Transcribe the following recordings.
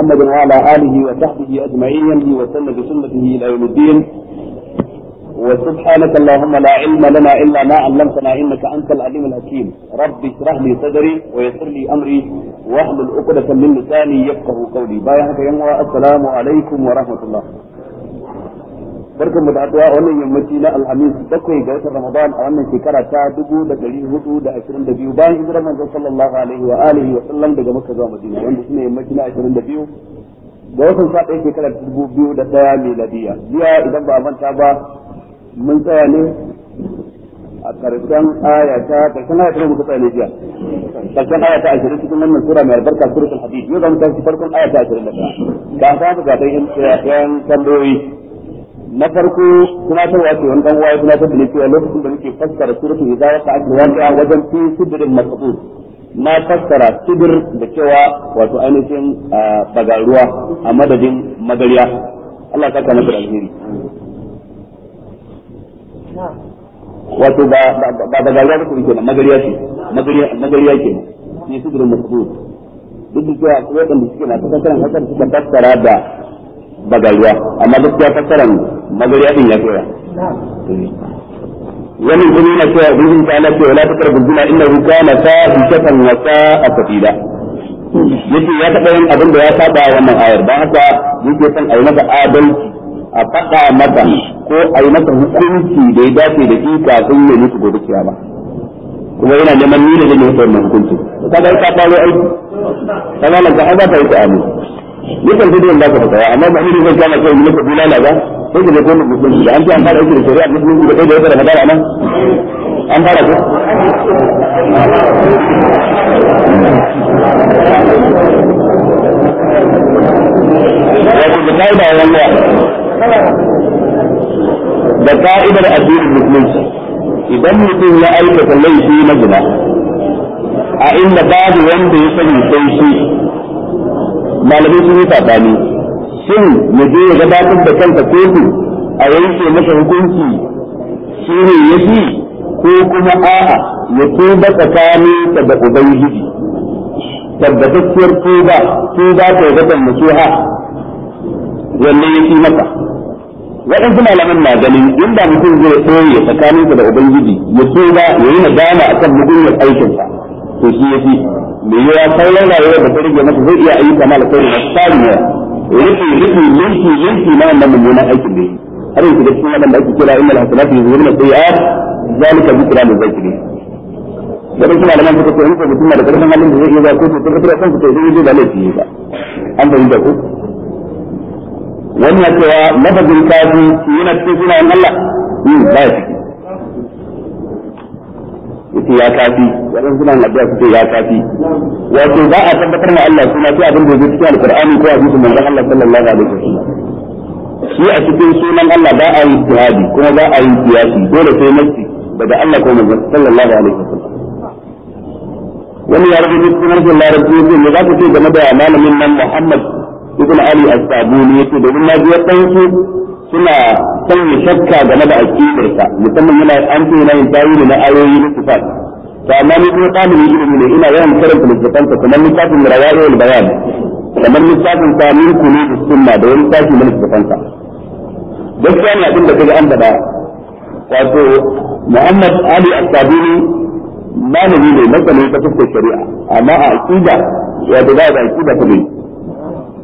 محمد وعلى آله وصحبه أجمعين وسلم بسنته إلى يوم الدين وسبحانك اللهم لا علم لنا إلا ما علمتنا إنك أنت العليم الحكيم رب اشرح لي صدري ويسر لي أمري واحلل عقدة من لساني يفقه قولي بايعك يا السلام عليكم ورحمة الله barkan mu da haɗuwa a wannan yammaci na alhamis bakwai ga watan ramadan a wannan shekara ta dubu da ɗari hudu da ashirin da biyu bayan hijirar manzon sallallahu alaihi wa alihi wa sallam daga makka zuwa madina wanda shine yammaci na ashirin da biyu ga watan ɗaya dubu biyu da ɗaya miladiya jiya idan ba a manta ba mun tsaya ne a ƙarshen aya ta ƙarshen aya ta muka tsaya ne jiya ƙarshen aya ta ashirin cikin wannan sura mai albarka suratul hadid yau tafi farkon aya ta ashirin da ɗaya tambayoyi na farko ta wace wani dan uwaye ya ta da ni cewa lokacin da nake fassara suratul idza waqa'at waqi'a wajen fi sidrin maqbul na fassara sidir da cewa wato ainihin bagaruwa a madadin magariya Allah ya kana maka alheri wato ba ba ga yaro kuke na magariya ce magariya magariya kenan ne sidrin maqbul duk da cewa akwai wanda suke na fassara hakan suka fassara da bagaruwa amma duk gaskiya fassaran magariya din ya koya wani kuma yana cewa ubangiji ta Allah ce wala taqrabu zina innahu kana fahishatan wa sa'a sabila yake ya taɓa yin abin da ya saba wannan ayar don haka yake son a yi masa adalci a faɗa masa ko a yi masa hukunci da ya dace da shi kafin ya mutu gobe kiyama kuma yana neman ni da zai mutu wannan hukunci ka ga ka faro aiki kana nan ka haɗa ta yi ta amin yakan fi da ka fita amma ba ni zan kana kai mutu bulala ba sai da gwamnati musulunci da an ji an fara aiki da shari'a musulunci da kai da yadda da nan an fara ko da da ka'idar addinin musulunci idan mutum ya aikata laifi na gina a inda babu wanda ya sani sai shi malamai sun yi sabani Sun ya je ya gabatar da kansa kotu a yanke masa hukunci shi ne ya fi ko kuma a'a ya tuba tsakanin da ubangiji tabbatacciyar tuba tuba ta yi zaton nasuha wanne ya fi masa waɗansu malaman na ganin inda mutum zai tsoye tsakaninsa da ubangiji ya tuba ya yi nadama akan mugunyar aikinsa to shi ya fi me yawa sauran rayuwar da ta rage masa zai iya ayyuka na da masu tarin yawa rufi rufi yanki yanki na wannan mummunan aikin da yi har yanzu da cikin wannan da ake kira zalika wani kuma da suka ce in ko mutum da karfin halin da zai iya fitar to zai yi da laifi ba an cewa kafin yana cikin sunayen Allah hmm, ba ya ciki su ya kafi wannan suna na addu'a su ya kafi wato ba a tabbatar da Allah suna sai abin da yake cikin alqur'ani ko hadisi manzon Allah sallallahu alaihi wasallam shi a cikin sunan Allah ba a yi jihadi kuma ba a yi kiyasi dole sai nafsi daga Allah ko manzon sallallahu alaihi wasallam wani ya rubuta cikin harshen larabci za ku ce game da malamin nan Muhammad ibn Ali as-Sabuni yace domin na ji suna sanya shakka game da aqidarsa musamman yana an ce yana yin tawili na ayoyi na sifat to amma ni kuma tsamin ilimi ne ina yawan karanta littafansa kamar littafin rawaye wal bayan kamar littafin sa min kunu da sunna da wani tashi na littafansa gaskiya ne abin da kaga an faɗa wato Muhammad Ali Al-Sabini malami ne masani ta fuskar shari'a amma a aqida wato ba da aqida ta bai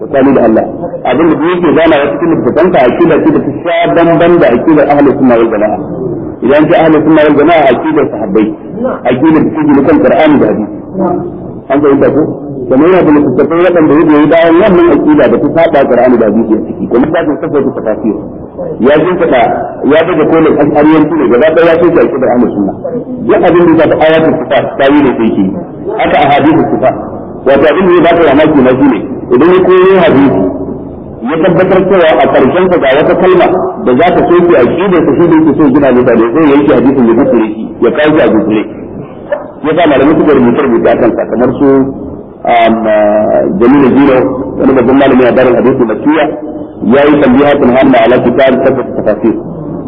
tsakani da Allah abin da yake zana wasu cikin littafin ka akida ce da ta sha bamban da akida ahlus sunna wal jamaa idan ka ahlus sunna wal jamaa akida sahabbai akida da kan qur'ani da hadisi an ga ko kamar yana da littattafai waɗanda ya goyi bayan wannan akida da ta qur'ani da hadisi a ciki kuma ta saboda ta tafsir ya ji fada ya daga kolin al'ariyan ne gaba ɗaya ya ta akida ahlus sunna duk abin da ta ayatul kitab tayi ne sai ki haka ahadithul kitab wato abin da ya ba ta mamaki na shi ne idan ya koyi hadisi ya tabbatar cewa a karshen sa ga wata kalma da za ta soke a kidar ta shi da yake so gina mutane sai yanke hadisin ya gutsure ya kawo shi a gutsure ya sa malamai gari mutar rubuta akan sa kamar su um, uh, wani جميل الجيرة أنا بقول لهم يا دار Ya yi tambaya يسميها hannu على كتاب ta تفاسير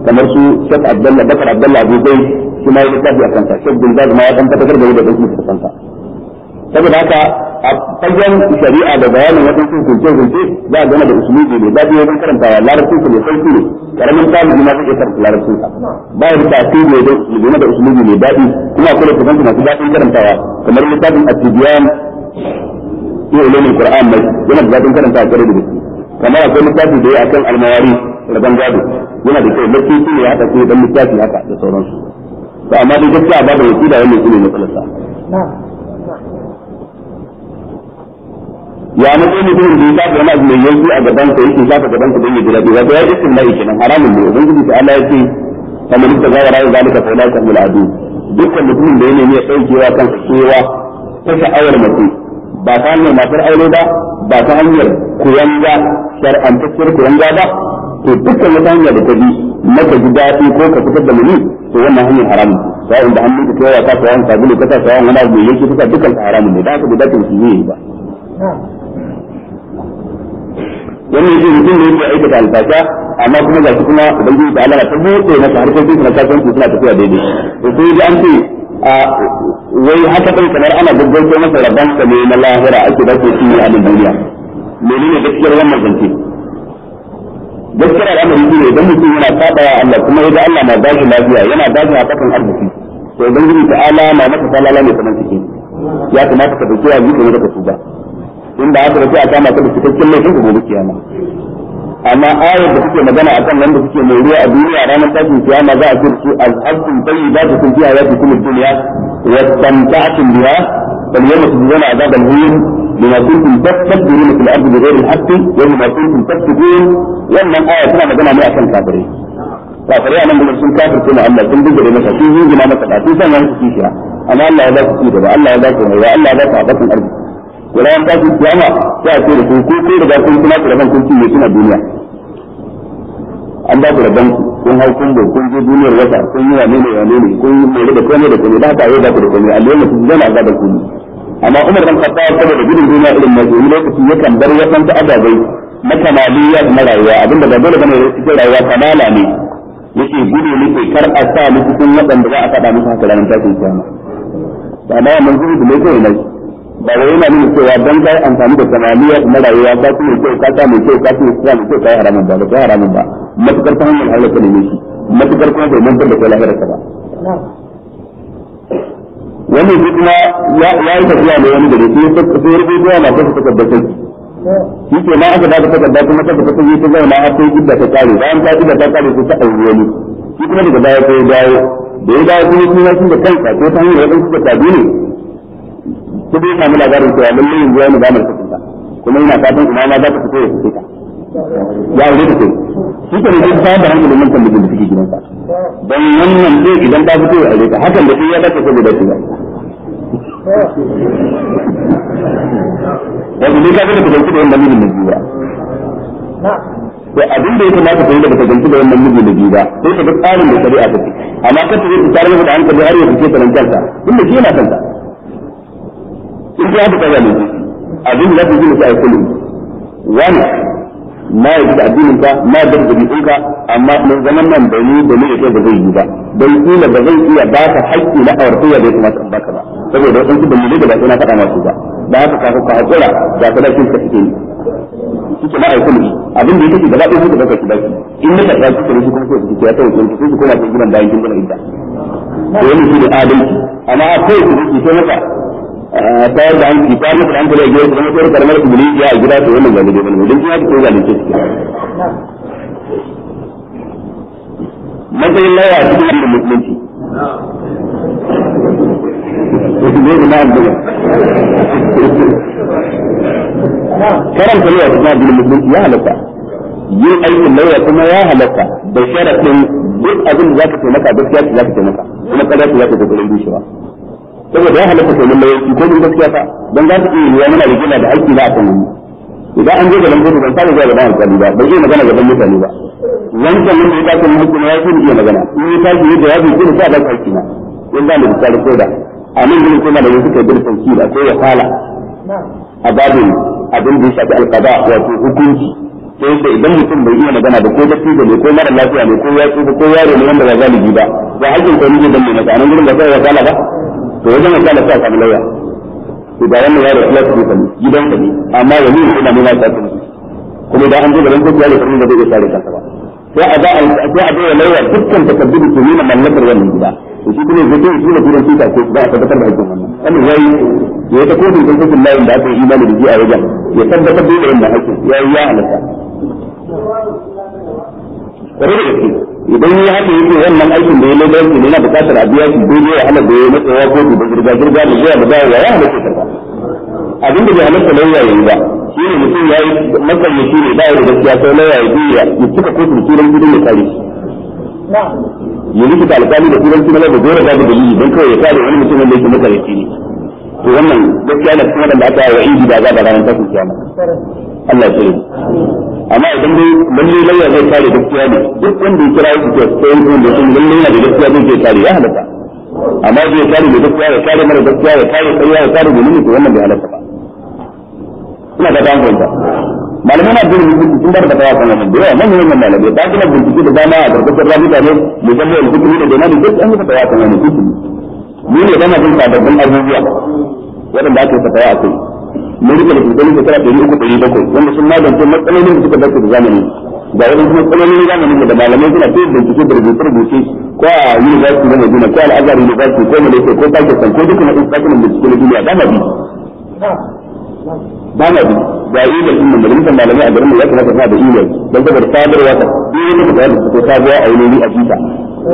kamar su Sheikh Abdullah Bakar Abdullah Abu Zaid shi ma ya littafi a kanta Sheikh Bin Baz ma ya kan bakar da yadda da kan sa. saboda haka a fagen shari'a da bayanin waɗansu hukunce-hukunce za a gama da usulubi ne ba biyu wajen karantawa larabcin su ne sauki ne karamin talibi ma zai iya karanta larabcin sa ba ya da asiri ne don da usulubi ne daɗi kuma akwai da kusanci masu daɗin karantawa kamar littafin asibiyan iya ilimin qur'an mai yana da daɗin karantawa kare da gaske kamar akwai littafi da ya akan almawari da bangado yana da kyau lafi su ne ya haɗa dan littafi haka da sauransu ba amma dai gaskiya babu wakila wannan su ne matsalarsa. ya ne mutumin da ya sa wani mai yanzu a gaban ka yake shafa gaban ka don ya jira ba ya isin mai kenan haramun ne ubangiji ta Allah kama kamar da zai rayu zalika fa kan al'adu adu dukkan mutumin da ya nemi ya kan kansa cewa ta sha'awar mace ba ta hanyar matar aure ba ba ta hanyar kuyanga shar'antacciyar kuyanga ba to dukkan wata hanya da ta bi maka ji daɗi ko ka fitar da muni to wannan hanyar haramun ce sa'in da hannunka ta yawa ka sayan sabulu ka sa sayan wani abu mai yanki ka dukan dukkan haramun ne da haka bai dace musulmi yi ba wannan yake mutum ne yake aikata alfasha amma kuma gashi kuma ubangiji ta Allah ta buɗe masa harkokin suna kasuwanci suna tafiya daidai to sai ji an ce wai haka ɗin kamar ana gaggauto masa rabban sa ne na lahira ake da ke cinye a duniya menene gaskiyar wannan zance gaskiyar al'amari shi ne idan mutum yana saba wa Allah kuma idan Allah na shi lafiya yana shi haƙaƙin arziki to ubangiji ta Allah ma masa salala ne kamar ciki ya kamata ka dauki wa zuciya da ka tuba inda aka rufe a kama ta da cikakken laifin ga gobe kiyama amma ayar da suke magana akan nan da suke mai ruwa a duniya ranar tashin kiyama za a ce su azhabtum tayyibatukum fi hayatikum ad-dunya wa istamta'tum biha فاليوم تجزون عذاب الهين بما كنتم تستكبرون في الارض بغير الحق وبما كنتم تفسدون wannan aya tana magana ne akan kafirai kafirai nan gudun sun kafir kuma Allah sun duk bijire masa sun yi gina masa da sun san wani kishiya amma Allah ya za su ci gaba Allah ya ba su rayuwa Allah ya ba su abatin arziki ranar tashin kiyama sai ce da ku ko da kun kuma rabon kun cinye suna duniya an ba ku rabon kun hau kun da kun je duniyar wata kun yi wane ne wane ne kun yi mai da komai da komai da haka yau ba ku da a alayyar mutum zama a zaɓar kuni amma umar ban khattab saboda gudun duniya irin mai zuwa lokaci yakan bar wasan ta ababai na kamaliya da rayuwa abinda ba dole bane cikin rayuwa kamala ne yake gudu nake kar a sa ni cikin waɗanda za a faɗa musu haka ranar tashin kiyama ba na wannan gudu da mai kawai na shi ba wai yana nuna cewa dan kai amfani da samaniya na rayuwa ka ci mai kyau ka ta mai kyau ka ci mai kyau ka haramun ba ba ka haramun ba matukar ta hanyar halaka ne shi matukar kuma bai mantar da kai lahira ka ba wani shi kuma ya yi tafiya ne wani gari sai sai ya rubuta yana ta takardar sai shi ke na aka ba ta takardar kuma ta ta yi ta zauna har sai idda ta kare bayan ta idda ta kare sai ta aure wani shi kuma daga baya sai ya dawo da ya dawo kuma shi ya shi da kansa ko ta hanyar wadansu da tabi ne ko dai samu labarin cewa lalle yanzu mu kuma ina fatan ina ma za ka fito ya ta ya yi ta kai shi ta da hankali mun da gidansa wannan dai idan ta fito ya aure ta hakan da sai ya ne ka ga ta da wannan mijin da ka yi da da wannan miji da biyu sai ka ga tsarin da shari'a ta amma ka ta da hankali har ya fice ta nan kanta tunda shi yana kanta in ka kaza ne abin da zai yi a kullum wani ma ya da addinin ka ma da dabi'un ka amma mun zaman nan da ni da ni yake ba zai yi ba dan kila da zai iya ba ka haƙƙi na aurfiya da ya kamata in baka ba saboda wasu dalilai da ba na faɗa masu ba da haka kafin ka hakura da ka dakin ka suke yi suke na aikin abin da yake gaba ɗaya suka baka shi baki in na karɓa suka rufe kuma sai suke ya tawo su koma cikin gidan bayan kin gina idda to shi da adalci amma a kai su suke sai maka tayar da hanki ta muku da hankali a gidan kuma sai karamar iblis ya a gida to wannan zalunci bane dan kuma ta zalunci ce matsayin laya a cikin musulunci karanta laya cikin addinin musulunci ya halatta yin aikin laya kuma ya halatta da sharafin duk abin da za ka taimaka gaskiya za ka taimaka kuma kada za ka kokarin bishewa saboda ya halatta kai mun laifi ko mun gaskiya fa dan za ku iya yana da gina da aiki da aka mun idan an je gaban kotu ban da zuwa gaban alƙali ba bai iya magana dan mutane ba wancan mun da ya tafi mun hukuma ya fi iya magana in ya tafi ya jawabi ko sai ba aiki na in da mun tsari ko da a nan gurin kuma da suka da ko ya fala a babin abin da ya shafi alqada wato hukunci sai da idan mutum bai iya magana ba ko da fi da ne ko mara lafiya ne ko ya tsufa ko yaro ne wanda ba zalibi ba ba hakin ko ne da mai magana nan gurin ba sai fala ba to wajen ya kala sa samu lauya to da wannan ya da rasu lafi kan gidan ka ne amma wani ne ina nuna ta kuma da an zo da ya da kuma da zai sare kansa ba sai a ba sai a bayar lauya dukkan takaddu da nuna mallakar wannan gida to shi kuma zai yi da gurin tuta ko za a tabbatar da hakkin wannan wannan yayi ya ta kodin kan kusin layin da aka yi imani da ji a wajen ya tabbatar da wannan hakkin yayi ya halaka da gaske idan ya haka yake wannan aikin da ya lagos ne yana bukatar a biya shi daidai ya hana da ya matsawa ko da girga girga da zuwa da dawowa ya hana ke karba abin da bai halatta lauya yi ba shi ne mutum ya yi makamashi ne ba ya da gaskiya sai lauya ya biya ya cika kotun turan gidan ya kare shi ya rikita alƙali da turanci na da dole babu dalili don kawai ya kare wani mutum da yake makarici ne to wannan gaskiya na cikin wadanda aka yi wa inji da za da ranar takin kiyama Allah ya tsare amma idan dai lalle lalle zai kare gaskiya ne duk wanda ya kira shi ke sai kuma da sun lalle yana da gaskiya zai ke kare ya halaka amma zai kare da gaskiya ya kare mara gaskiya ya kare ƙarya ya kare gulmi to wannan bai halaka ba ina ga dan gwanda malamai na bin rubutu sun bar da tawa kan wannan da nan ne wannan malamai da kuma bincike da dama a gargashin rabuta ne mu zama da zikiri da dama duk an yi tawa kan wannan zikiri ni ne dama bin sababbin abubuwa waɗanda ake fatawa a kai mun rike da kokarin shekara ɗari uku ɗari bakwai wanda sun magance matsalolin da suka dace da zamani ga wani matsalolin zamanin da malamai suna ta bincike da rubuce rubuce ko a university na Madina ko al'azhar university ko Malaysia ko Pakistan ko dukkan institution bincike na duniya ba na bi ba na bi ga email din mun majalisar malamai a garin mu ya kamata suna da email don saboda sadarwa ta duk wani da su ko sabuwa a yi a jita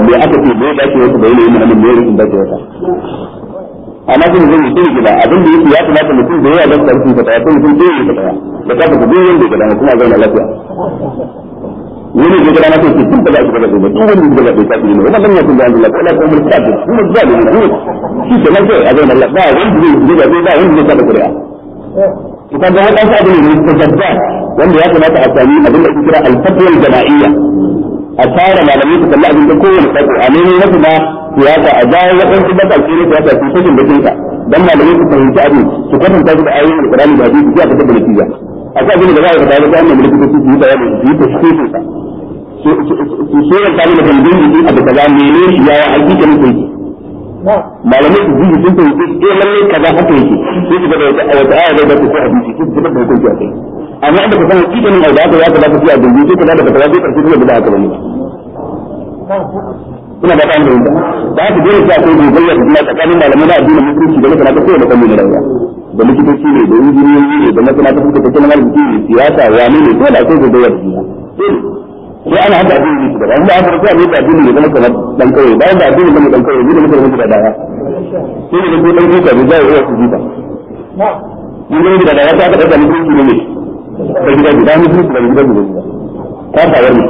me aka ce me dace wata da yi muhammadin me ya rikin dace wata amma kuma zai yi gida abin da yake ya kamata mutum da yawa don karfin ka tsaya mutum da yawa ka da kafa ku biyan da gida kuma zauna lafiya wani da gida na kai cikin da ake bada gobe duk wanda da bai tafi ne wannan nan ya kun da Allah kala ko mun tafi kuma da ne ne shi ke lafiya a zauna lafiya ba wanda zai da ba wanda zai da kuri'a to kaga wannan abin ne mutajabba wanda ya kamata a sami abin da ake kira al-fatwa jamaiyya a tara malamai su kalli abin da kowane sako a neman wasu ba siyasa a jawo waɗansu baƙaƙe na siyasa su sashin bakin ka dan malamai su fahimci abin su kwatanta su da ayoyin alƙur'ani da hadisi ya fitar da natija a sa abin da za a faɗa da wannan su yi bayani su yi tashkisin sa su so ya samu da bandin jiki abu ne menene shi yaya hakika mutum ne malamai su ji sun fahimci eh lalle kaza haka yake sai su gaba a wata aya da ta ko hadisi su fitar da hukunci a kai amma da ka san hakika ne da ya ka da ka fi a gindi sai ka da ka da ka fi da ba da bane ina ba ta mu da haka dole sai akwai gogayya da kuma tsakanin malamai na addinin musulunci da masana ta kowa da kallon rayuwa da likitoci ne da injiniyoyi ne da masana ta fuska tattalin arziki ne siyasa wani ne dole akwai gogayya da juna sai ana haka addini ne shugaba inda aka rufe abin da addini ne zama kamar dan kawai bayan da addini ne dan kawai ne da mutane da daya sai ne ko dan kuka da zai iya su jita mun gani da daya ta aka daga mutunci ne ne da gida gida mutunci da gida gida ta tawar ne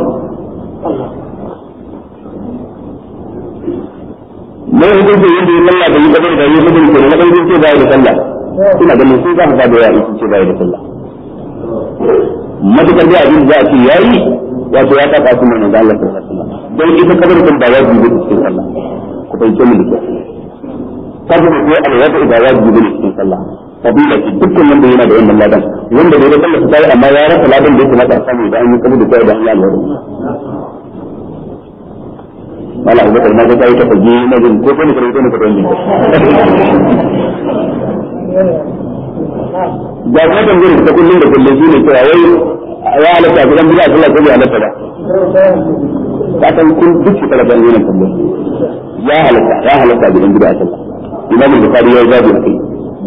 mai hukunci yadda ya sallah da yi kabar da yi hukunci ke na ɗaukin ce baya da sallah ina ganin sun za ka da ya aiki ce baya da sallah matukar da abin za a ce yayi wato ya taka su mai manzo Allah sallallahu alaihi wasallam ita kabar kan ba yi ne cikin sallah ku bai ce mu da kabar ko alwata ba yi ne cikin sallah kabila ce dukkan wanda yana da wannan ladan wanda bai da sallah sai amma ya rasa ladan da yake na samu da an yi kabar da kai da Allah alwata mala abubakar na ga sai ta fage na jin ko ne kare ne kare ne da kuma tambayar ta kullun da kullun shine cewa yayi ya halatta ga dan bid'a Allah ko ya halatta ba ta san kun duk ta da wannan tambayar ya halatta ya halatta ga dan bid'a imam bukhari ya zabi akai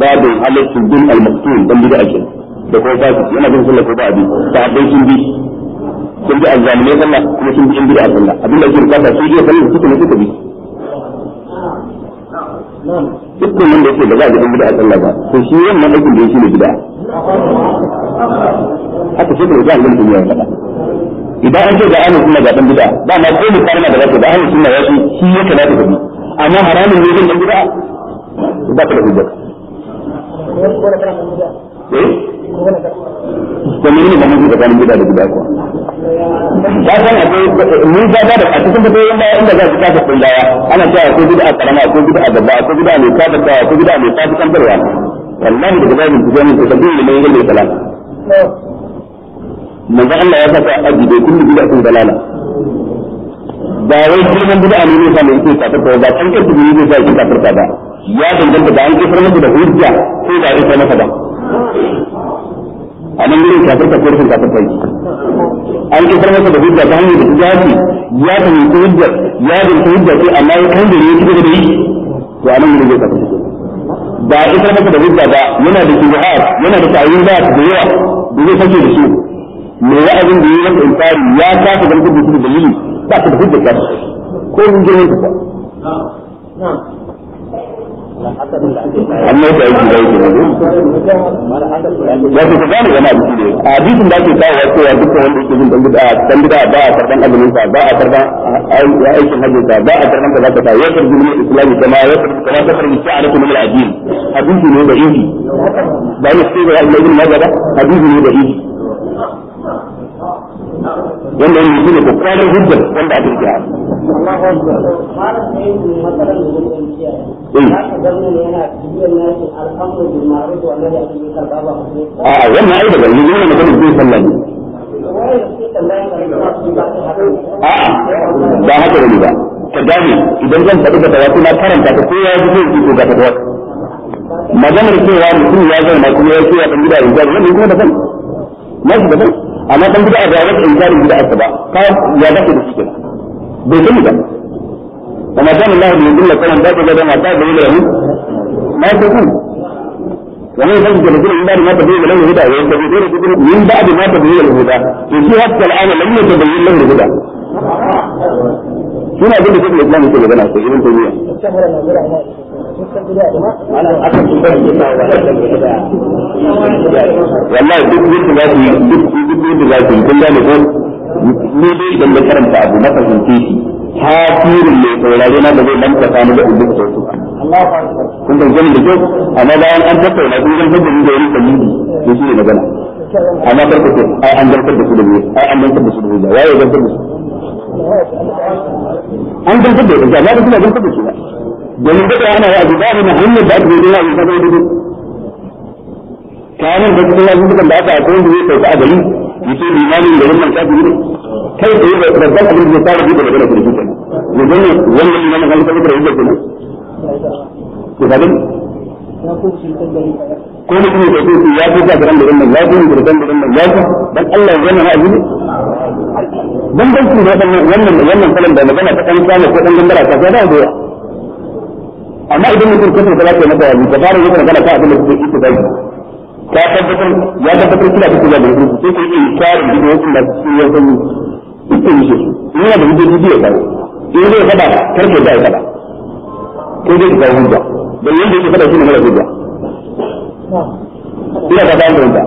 babin halatta bin al-maktum dan bid'a kenan da ko ba yana bin sallah ko ba ta sahabbai sun bi sun bi kuma sun bi abin da ke bukata su suka ne suka bi dukkan da yake da za a ba to shi wannan aikin da ne haka shi ne za a duniya idan an ce ahlus sunna ga dan bid'a ba ma ko da zaka da ahlus sunna ya shi ya bi amma haramun ne bid'a ba ka da hujja eh ko ne da kan bid'a da bid'a ko ya san akwai mun ga da a cikin fatoyin baya inda za su kafa kullaya ana cewa ko bid'a karama ko bid'a babba ko bid'a mai sabata ko bid'a mai sabitan barwa wallahi daga babin ku gani ko sabbin ne mai gane salam manzo Allah ya saka aji da kullu bid'atin dalala ba wai girman bid'a ne ne sanin ke tafi ko ba kan kace ne zai ki ta ba ya danganta da an kifar muku da hujja ko da ita masa ba a nan gurin kafir ka kurfin kafir kai an kifar masa da hujja ta hanyar da jafi ya fahimci hujja ya fahimci hujja ce amma ya kan gare ya ci gaba da yi to anan ne zai tafi ba isar masa da hujja ba yana da shubhat yana da ta'yin ba da yawa da zai sake da su me wa'azin da in tsari ya kafa ganin da dalili ba ta da hujja ta ko mun gare ta an da yake da yake ya ce ka gane wani abu ne a hadisin da ake kawo cewa dukkan wanda yake jin dangida dangida ba a karban azumin sa ba a karban aikin hajji sa ba a karban kaza kaza ya karbi ne islami kama ya karbi kama ta karbi shi a rukun min hadisi ne da ihi ba ne sai da Allah ne ba hadisi ne da ihi wanda yana shi ko kwanan hujjar wanda aka yi jihar. Eh. A wannan ai daga yi yana magana zai sallah ne. A ba haka ba. Ka gane idan zan faɗi ka tawatu na karanta ka kowa ya zai ko ga tawatu. Maganar cewa mutum ya zama kuma ya ce ya kan gida yanzu wannan kuma daban. Na daban. amma dan bid'a ba wata inkarin bid'a ta ba ka ya dace da shi bai sani ba amma dan Allah ne yadda kana da ga da mata da yake mu ma ta ku wani dan da da ma ta bayyana lahu da wa yadda da da min da ma ta bayyana lahu huda to shi hatta al'ana lam yatabayyana lahu huda suna da da Islam da magana ko irin da wallahi duk yadda za su yi duk yadda za ku yi kun gane ko ne dai idan da karanta abu na fahimce shi tasirin mai saurare na da zai dan kasa da ubin da su kun san gani da kyau amma bayan an tattauna kun san hujjar da wani dalili da shi ne magana amma farko ce ai an dantar da su da ne ai an dantar da su da ne waye dantar da su an dantar da su amma da suna da su domin duka yana a babu na hanyar da aka yi wa'azi ta zai dubu kayan da cikin wa'azi dukan da aka a kowane zai sauka a gari yake limamin da wannan kafiri ne kai da yadda babban abin da ya fara duka da gana kurkuku ne yanzu ne wannan limamin kan kafin da yadda kuma Ya zaɓin ko mutum ya ce ya fi ta garan da wannan ya fi ta garan da wannan ya fi dan Allah ya zama wa'azi ne bambancin da wannan wannan wannan kalan da magana ta kan kana ko dan gambara ta ga da amma idan mutum kusa da zaka masa yaji ka fara yin gana ka abin da kake yi ka ka tabbatar ya tabbatar kina kike da su sai kai yi tsari da yake da su ya sani kike yi shi ina da rubutu biyu da yi zai fada karke da ya fada ko zai ga hujja da yanda yake fada shi ne mara hujja ina da bayan hujja da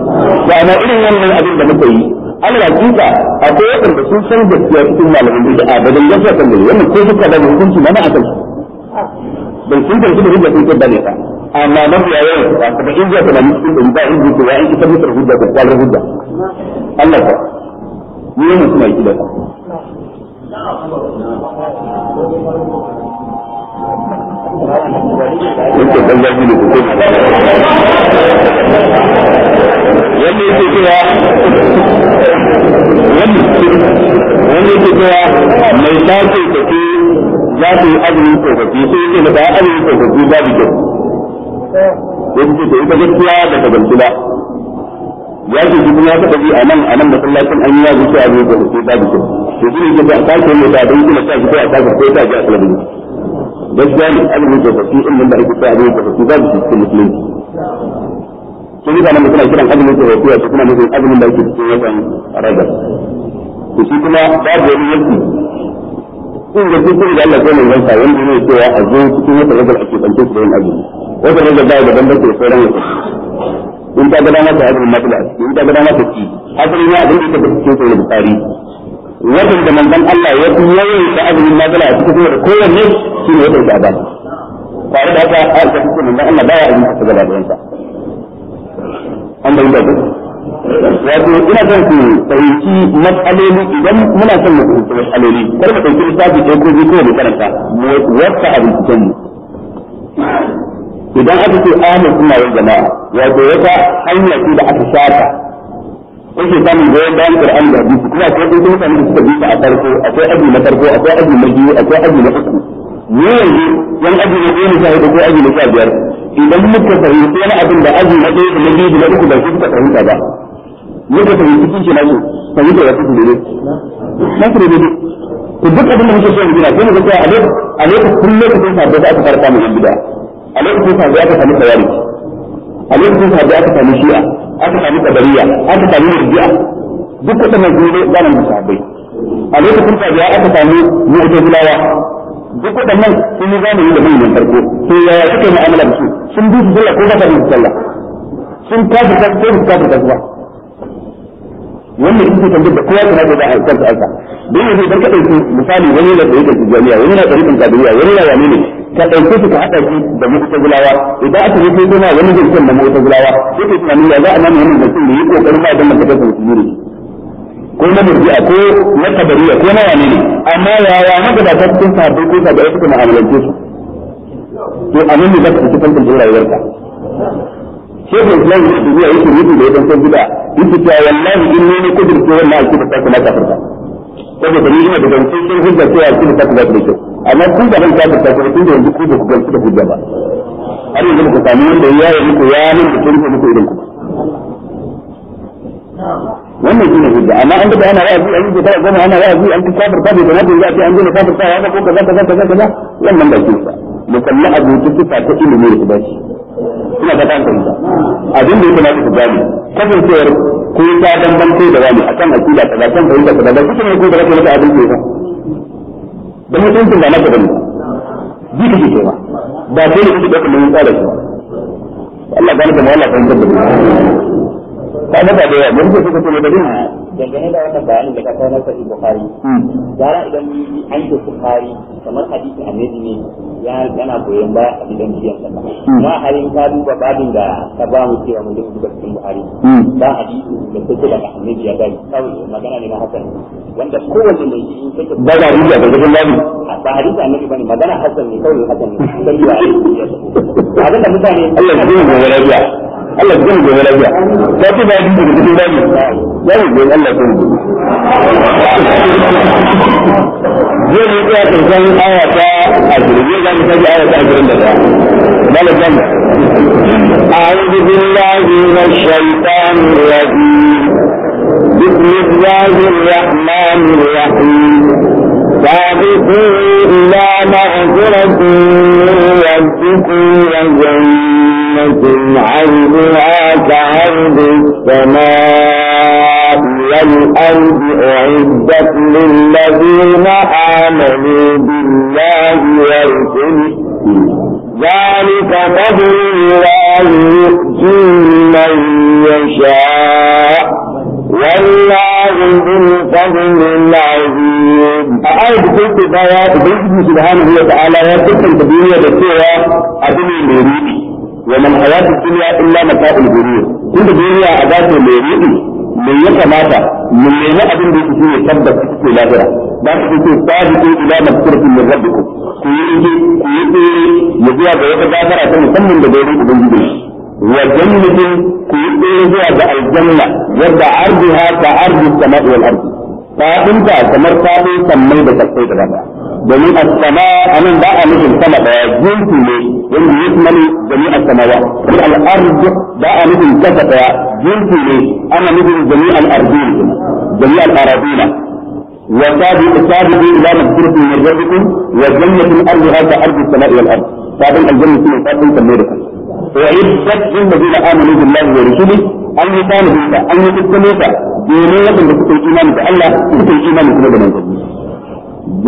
ana irin wannan abin da muke yi Allah kika akwai wanda sun san gaskiya cikin malamin da a abadan yasa kan wannan ko duka da hukunci na akan dan sun karbi da hujja sun kirda ne fa amma mafi yawan ba ta ba inda ta cikin da ba inda ta ya ita mutar hujja ko kwalar hujja Allah ka ni ne kuma yake da Thank you. wanda yake cewa wanda yake cewa mai sace tafi za su yi azumin tsofaffi sai yake mata azumin tsofaffi ba da kyau yadda ko ita gaskiya da ta gamsu ba ya ce jikin ya taɓa a nan a nan masallacin an yi yaji cewa zai gwada sai babu kyau to shi ne ke ba ta ke mai don kuma sa shi ko a ta ko ta ji a gaskiya ne azumin tsofaffi in nan da ake sa azumin tsofaffi kyau sun yi zanen suna kiran azumin da wasu yasu suna nufin azumin da ake cikin watan rajab to shi kuma babu wani yanki in da duk da Allah sai manzon sa wanda ne cewa a zo cikin watan rajab ake kance su da yin azumi watan rajab ba da bambanci da sauran wasu in ta gada mata azumin mafila in ta gada mata ci azumin ya abin da take cikin sahih bukari watan da manzon Allah ya fi yawan da azumin mafila a cikin da kowanne shi ne watan da ba tare da haka a cikin manzon Allah ba baya azumi a gaba da yansa an bai dabu wato ina son ku fahimci matsaloli idan muna son mu fahimci matsaloli kar mu ɗauki lissafi ɗaya ko biyu kawai mu karanta mu wata a binciken mu idan aka ce ahlus sunna wal jama'a wato wata hanya ce da aka shata kuke samun goyon bayan Qur'ani da hadisi kuma akwai wasu mutane da suka bi a farko akwai aji na farko akwai aji na biyu akwai aji na uku ne yanzu yan aji na goma sha hudu ko aji na sha biyar idan muka fahimci wani abin da aji na ɗaya na biyu na uku ba su suka fahimta ba muka fahimci sun ce nasu fahimta da su da nasu daidai to duk abin da muke so mu gina sai mu a lokacin kun lokacin sabbi da aka farka mu nan bid'a a lokacin sabbi aka samu tawari a lokacin sabbi aka samu shi'a aka samu kadariya aka samu murji'a duk waɗannan sun yi ɗanan musabbai a lokacin sabbi aka samu mu'tazilawa duk waɗannan sun yi zamani da manyan farko to yaya suka yi mu'amala da su sun bi su sallah ko ba su sallah sun kafir ta ko su kafir ta ba wannan ita tambayar da kowa kana da aikar ta aika don yanzu idan ka ɗauki misali wani na ɗauki jami'a wani na ɗauki kadiriya wani na wani ne ka ɗauke su ka haɗa shi da mu ta gulawa idan aka yi kuma wani zai kan da mu ta gulawa sai ka tunani ya za a nan wannan mutum da yi kokarin ba don da ka tafi su ko na murji'a ko na tabariya ko na wane ne amma ya yaya magabata cikin sahabbai ko sahabbai suka mu'amalance su to a nan ne za ka fi tantan jin rayuwarka shekul islam ya duniya yake rubu da yakan san bid'a yake cewa wallahi in ne ne ko kudurce wannan akida ta kuma kafirta saboda ni ina da gantaccen hujja cewa akida ta kuma kafirta amma kun da ban kafirta ko kun da yanzu ku da ku gantu da hujja ba har yanzu ku samu wanda ya yi muku ya nan da turbe muku irin ku wannan shine hujja amma an daga ana ra'ayi an yi goma ana ra'ayi an ci kafir kafir da nabi ya an gina kafir kafir haka ko kaza kaza kaza kaza wannan ba shi sa musalla abu ta sifa ta ilimi da ba shi ina ga kan kanka abin da yake na ku gani kasancewar ko ta bambance da wani akan akida kaza kan fahimta kaza da kuma ko da kake maka da ke ba da mutuncin da naka ji kake cewa ba sai da kake da kullun tsara shi Allah gani da Allah kan tabbata ka ga ba da yawa mun ce kuka ce da din dangane da wannan bayanin da ka kawo masa ibn bukhari hmm. gara idan yi an ce bukhari kamar hadisi annabi ne ya yana goyon ba a gidan biyan sa ma hmm. harin ka duba babin da ka ba mu cewa mu duba cikin bukhari hmm. ba hadisi da take da annabi ya bari kawai magana ne na hasan wanda kowanne mai yi take ba da hujja da cikin babin ba hadisi annabi bane magana hasan ne kawai hasan ne dan biya abinda mutane Allah ya yi mu lafiya Allah ya gani gobe lafiya ta ce ba jin da cikin rami ya yi gobe Allah ya zai ne tsaya karshen aya ta ashirin zai gani ta ji aya ta ashirin da ɗaya bala jan أعوذ بالله من الشيطان الرجيم بسم الله الرحمن الرحيم سابقوا إلى مغفرة من ربكم وجنة جنة عرضها كعرض السماء والأرض أعدت للذين آمنوا بالله ورسله ذلك قدر الله يؤتي من يشاء والله ذو الفضل العظيم أعيد كنت بايات بإذن سبحانه وتعالى يتكلم تبينية بسيرة أدني مريدي wa man hayatu dunya illa mata'ul ghurur tun da duniya a dace mai rubi mai ya kamata mun nemi abin da yake shine tabbas ke lahira da su ce sabiqu ila maghfiratin min rabbikum ku yi ku yi ya zuwa ga wata gafara ta musamman da gurin ubangiji wa jannatin ku yi zuwa ga aljanna yadda arduha ka kamar fa'in mai da da rana domin as-sama anan ba a nufin sama daya jinsi ne wanda ya kuma ne jami'a samawa ko al-ard ba a nufin kasa daya jinsi ne ana nufin jami'a al-ardin jami'a al-aradina wa sabiqu sabiqu ila maghfiratin min rabbikum wa jannatin arduha ka ardi as-sama'i wal ard sabin al-jannatu ne sabin kamar da وعدت للذين امنوا بالله ورسوله ان يكانوا ان يكتموا دونه وقد تكون ايمان بالله تكون ايمان بالله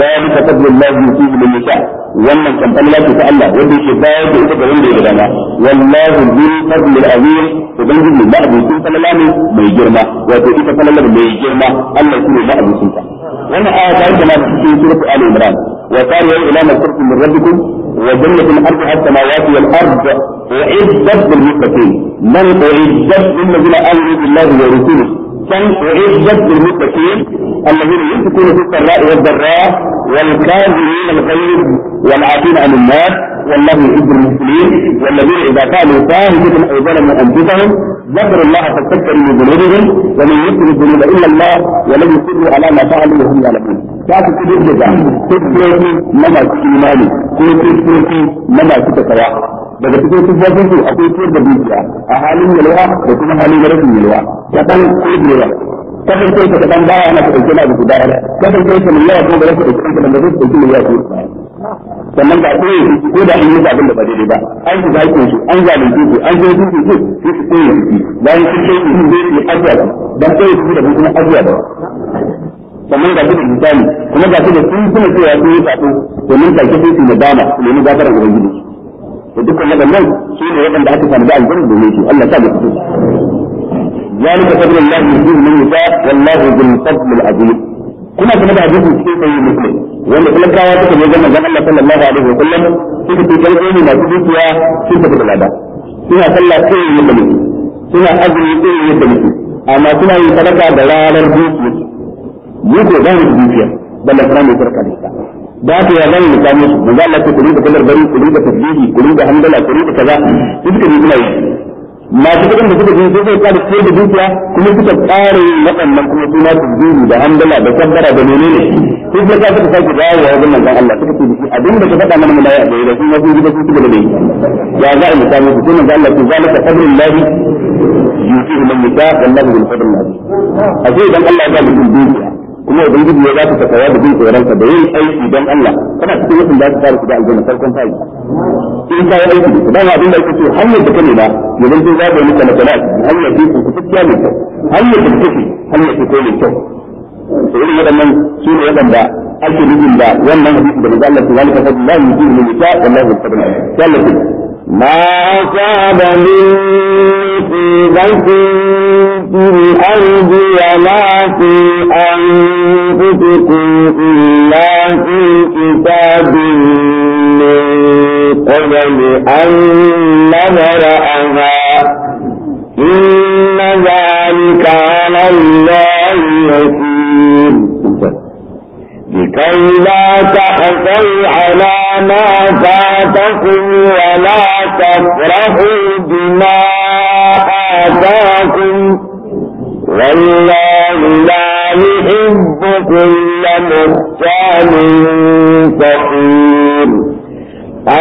ذلك فضل الله يؤتيه من يشاء wannan kan Allah ce ta Allah wanda yake bayar da ita ga wanda ya dama wallahu bil fadl al azim ubangiji ma abucin falala ne mai girma wato ita falala mai girma Allah shine ma abucin ta wannan aya ta yi mana cikin suratul ali imran wa sariya ila maghfiratin min rabbikum wa jannatin arduha as-samawati wal ard u'iddat lil muttaqin man u'iddat lil ladina amanu billahi wa rasulihi كان وعزت للمتقين الذين يمسكون في السراء والضراء والكاظمين الغيظ والعافين عن الناس والله يحب المسلمين والذين اذا فعلوا فاحشة او ظلموا انفسهم ذكر الله فاستكبروا من ذنوبهم ومن يذكر الذنوب الا الله ولم يصروا على ما فعلوا وهم يعلمون za su kudu da siffofi na masu كل ko siffofi na masu daga cikin sufofin su akwai ciyar da dukiya a halin yalwa da kuma halin rashin yalwa ya dan kodewa kasan kai ka dan baya ana ɗauke da guda kasan kai ka miliyawa ko ba za ka ɗauke da ba zai ɗauki miliyawa sannan ga ɗaya ko da an yi da abin da ba daidai ba an shiga ke su an zalunce su an zo su su su su ɗaya su bayan sun kai su zai ajiya ba dan ɗaya su da kuma ajiya ba sannan ga da misali kuma ga su da sun suna cewa sun yi sako domin kake su su da dama su nemi gafaran ubangiji da dukkan waɗannan su ne waɗanda aka samu da aljanna domin su Allah ta gaske ذلك yi الله da hadisi cikin sayi wanda talakawa suka je ga Allah sallallahu alaihi wa sallam suka ce kai ne masu dukiya sun tafi da lada suna sallah kai ne da mutum suna azumi kai ne da mutum amma suna yin sadaka da ranar dukiya yake zan dukiya balla kana ne farka da da haka ya zama musa musu manzo a ce ku riba kallar bari ku riba tasbihi ku riba hamdala ku riba kaza duka ne kuna yi masu kudin da suka je sai kada sai da dukiya kuma suka tsare waɗannan kuma suna tasbihi da hamdala da kabbara da menene sai suka ka suka sake dawo wa wajen manzo Allah suka ce dashi abin da ka faɗa mana mulaya da yayi da ma sun gida sun gida ne ya za a musu sai Allah bil a sai dan Allah ya ba mutum dukiya kuma ubangiji ya za ta fatawa da bin tsoronka da yin aiki don Allah kana cikin wasu da aka fara su da aljanna farkon fayi in ka yi aiki da dama abin da ake so hanyar da kane ba ya zanto za ka yi maka na kala hanyar da ku kusurciya mai kyau hanyar da kake hanyar da ko mai kyau to irin waɗannan su ne waɗanda ake nufin da wannan hadisi da manzo Allah subhanahu wa ta'ala ya yi nisa wallahi tabaraka ta'ala ما أصاب من مصيبة في الأرض ولا في أنفسكم إلا في كتاب من قبل أن نبرأها إن ذلك على الله يسير لكي لا تأسوا على ما فاتكم ولا تفرحوا بما آتاكم والله لا يحب كل مختال فقير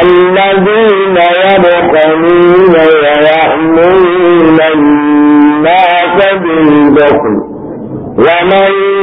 الذين يبخلون ويحمون الناس بالبخل ومن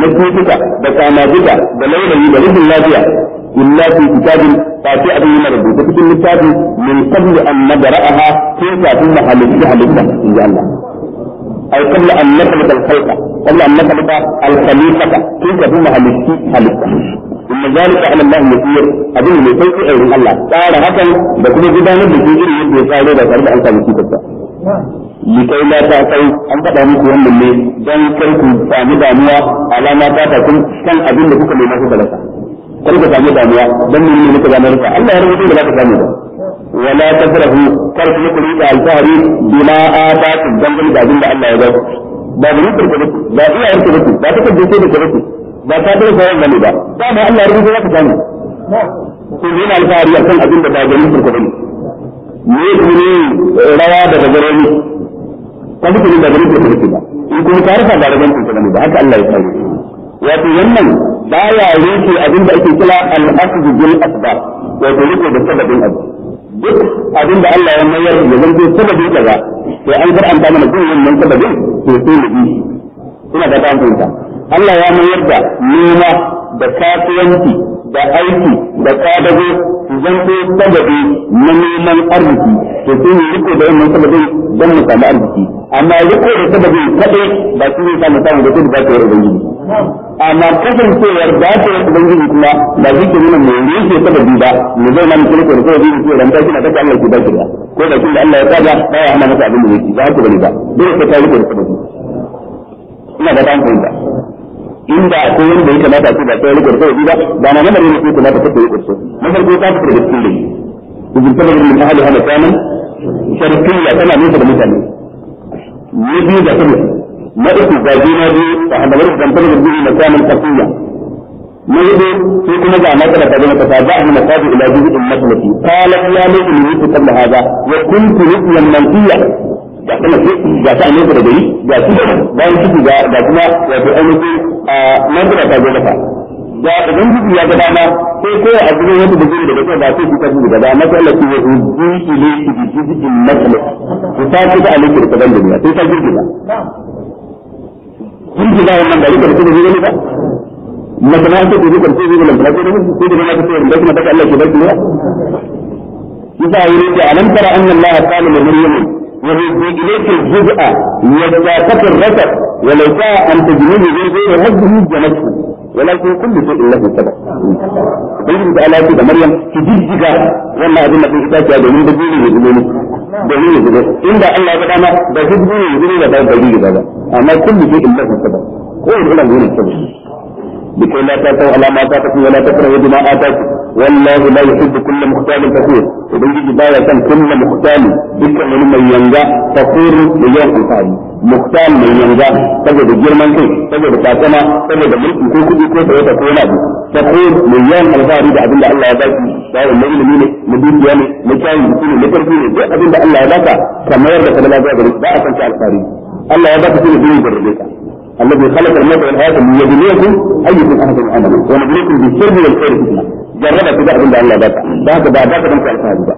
na cutuka da kamaduka da laulayi da rufin lafiya illa fi kitabin ba sai abin yana rubuta cikin littafi min qabli an nadra'aha ko kafin mu halitta halitta inji Allah ay qabla an nakhluqa al-khalqa qabla an nakhluqa al-khaliqata ko kafin mu halitta halitta in zalika ala Allah yasir abin mai sauki a Allah tsara hakan da kuma gudanar da shi irin yadda ya tsaro da tare da an samu kitabta likai la ta kai an faɗa muku wannan ne don kar ku sami damuwa alama ta ta kun kan abin da kuka nema kuka rasa kar ku sami damuwa don mun ne muka zama rasa Allah ya rubuta da za ka samu ba wala tadrahu kar ku ku rika alfahari bima ataakum dan gani da abin da Allah ya ba ba mun ku ba iya yarku ba ba ta kaje da ku ba ta da sauran bane ba ba ma Allah ya rubuta da ka samu ku rika alfahari akan abin da ba gani ku ne ne rawa daga gare ni ka muke da ba garin ka ba in kuma ta rufa ba ba haka Allah ya tsare wato wannan baya yake abinda ake kira al-aqd bil asbab wato da sababin abu duk abin da Allah ya mayar ya zanto sababin sai an karanta mana duk wannan sababin to sai mu bi ina da ta fahimta Allah ya mayar da noma da kasuwanci da aiki da kadago su zanto sababi na neman arziki to sai ne riko da wannan sababin don mu samu arziki amma riko da sababin kadai ba shi ne samu samu da su da ta ubangiji amma kasancewar da ta yi ubangiji kuma ba shi ke nuna mai rike sababi ba mu zai na mutum ko da sababi ne ko da mutum na daga Allah ke ba shi ko da kin da Allah ya kaga ba ya hana masa abin da yake ba haka bane ba dole sai ka riko da sababi ina da ban fahimta inda akwai wanda ya kamata a ce ba sai rigar sai ba ba na namare ne ko kuma ta kace rigar sai na farko ta fitar da cikin dai ibn tabar min ahli hada kana sharqiyya tana nuna da mutane ne biyu da kuma na uku ga juna biyu ta hadabar da tabar da biyu makamin qasiyya na hudu sai kuma ga mata da kaza mata ba mu masabi ila bihi ummatati qalat ya lakum yutu qabla hada wa kuntu ru'yan mansiya ga sama ce ga ta ne da gari ga su bayan ciki ga ga kuma wato ainihin a nan da ta gaba ga idan ciki ya ga dama ko ko a gurin wata da gurin da kuma ba sai kuka gurin da na Allah ki yi ji ile ki ji ji in masala ku ta ci da alƙur ka banda ne sai ta gurin da kun da wannan da alƙur ku gurin da masala ta gurin da kuma gurin da ku gurin da ku gurin da kuma da Allah ki baki ne yasa yi ne alam tara anna Allah qala lil mu'minin وهي إليك الجزء يجاكك الرسل ولو شاء أن تجنيه من غير ربه جنته ولكن كل شيء له سبب. بيجي تعالى كده مريم تجيجيكا وما أظن في كتابك يا جميل بجيني بجيني بجيني بجيني إلا أن لا بدأنا بجيني بجيني بجيني بجيني بجيني أما كل شيء له سبب. هو الغلام هنا السبب. لكي لا تاتوا على ما فاتكم ولا تكرهوا بما اتاكم والله لا يحب كل مختال فخور وبيجي بايا كان كل مختال ذكر من من ينجا فخور مليون انصاري مختال من ينجا تجد جرمان كي تجد فاتنا تجد ملك كو كو كو سوى تكون ابو فخور مليون انصاري بعد ان الله يباكي بايا النبي نبي نبي يعني مكان يكون مكرفين بعد ان الله يباكا كما يرد كما لا يباكا بأسا كالفاري الله يباكي في الدين بربيكا الذي خلق الموت والحياة ليبلوكم أيكم أحسن عملا ونبلوكم بالشر والخير فتنة جربت تجاه عند الله ذاك ذاك بعد ذاك تنفع الفاظ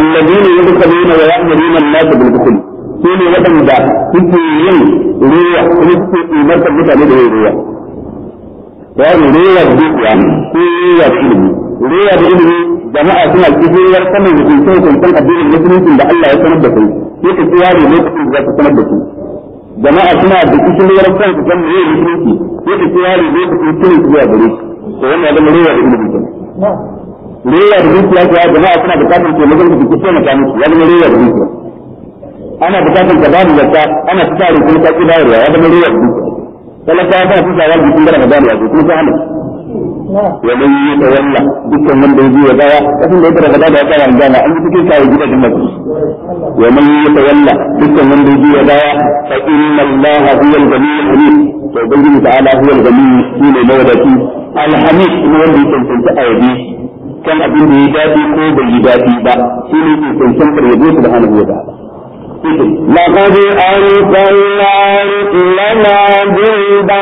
الذين يدخلون ويأمرون الناس بالبخل سين وطن ذا تتيين ريوة تتي إمرت المتعلم هي ريوة وهذه ريوة بيكوة ريوة بإلمي ريوة بإلمي جماعة سنة كثيرة سنة يكون سنة الدين المسلمين بأن الله يتنبسون يتنبسوا يكتواري لوقت يتنبسوا jama'a suna da cikin yaran kansu kan ne ne ne sai ka tsaya ne zai ka tsaya ne zuwa gare to wannan da mure ya ilimi ne mure ya ilimi ya ga jama'a suna da kafin to mutum da kuke na kanu ya ga mure ya ilimi ana bukatar ka bani ta ana tsare kuma ta ki bayarwa ya ga mure ya ilimi talaka ba su sa wani cikin da ba ya ko kuma hana wa man yatawalla dukkan wanda yaji ya baya kafin da ya fara gaba da ya fara gana an yi cikin sai gida din mafi wa man yatawalla dukkan wanda yaji ya baya fa inna allaha huwa al-ghaniyyul hamid to ubangiji ta'ala huwa al-ghaniyyul shi ne mawadaki al-hamid ne kan abin da ya ko bai yi daɗi ba shi ne ke tantance لقد أنزلنا لنا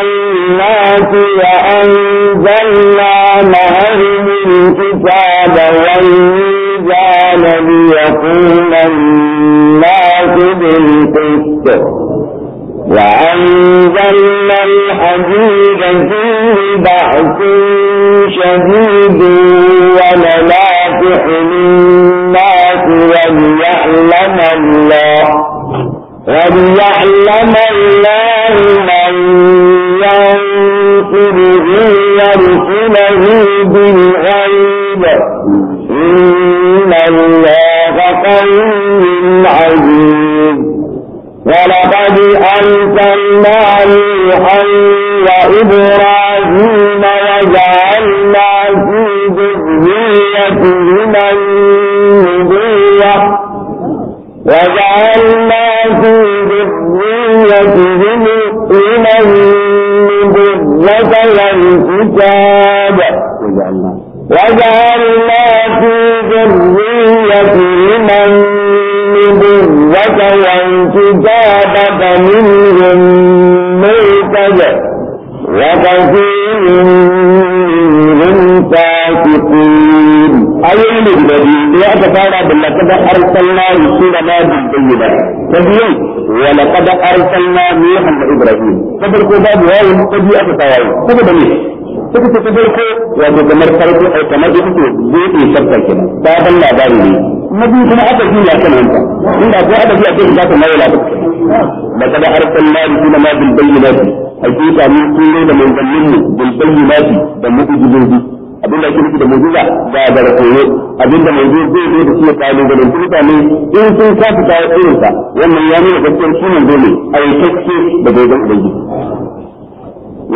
الناس وأنزلنا من الكتاب والميزان ليكون الناس بالقسط وأنزلنا الحديد فيه بأس شديد ومنافع وليعلم الله وليعلم الله من ينصره ورسله بالغيب إن الله قوي عزيز ولقد أنزلنا نوحا وإبراهيم الكتاب وجعلنا في ذريته من ذكر الكتاب فمنهم مهتد وكثير منهم فاسقين أيام الذي يأتى تفارى لقد أرسلنا رسولنا بالبينات تبين ولقد أرسلنا نوحا وإبراهيم فبركوا باب قد يأتى أتفارى كيف دليل suka ce ta farko wato kamar farko ai kamar da kuke zai shakka kenan sabon labari ne na biyu kuma aka ji ya kan hanta inda ko aka ji a cikin zaka mai labari da kada arsalna bi kuma ma bil bayyinati hakika mun turo da manzannin mu bil bayyinati da mu'jizobi abinda ake nufi da mu'jiza ga da rakoyo abinda mai zai zai zai da shi ya kawo gaban su mutane in sun kafa kawo irinsa wannan ya nuna gaskiyar shi ne dole a yi kakke da dogon ubangiji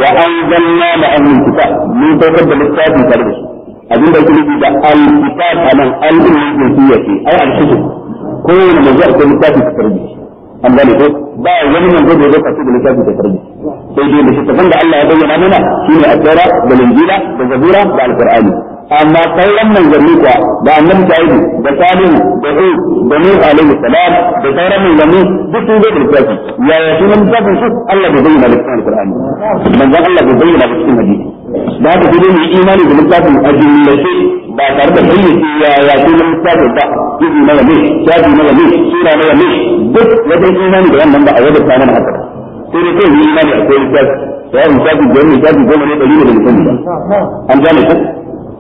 وأنزلنا معهم الكتاب من توكد الكتاب من تربس أجل ذلك الكتاب الكتاب أنا ألم الجنسية أي عن حجم كون من جاءت الكتاب من تربس أم ذلك باع ومن من جاءت الكتاب من تربس سيدي بشي تفند الله يبين أمنا كيني أكرا بالإنجيلة بالزبورة بالقرآن amma sauran manzanni kuwa da annabi Sa'id da salim da Hud da Nuh alaihi salam da sauran manzanni duk sun zo da littafi ya ya sunan littafin su Allah da zai da cikin Qur'ani manzon Allah da zai da cikin hadisi da haka dole mu imani da da shi ba tare da bayyace ya ya sunan littafin ba izi na ne shafi na ne sura na ne duk wajen imani da wannan ba a wajen samun haka sai dai kai imani akwai littafi sai littafi da ne littafi goma ne dari ne da mutum ba an gane ku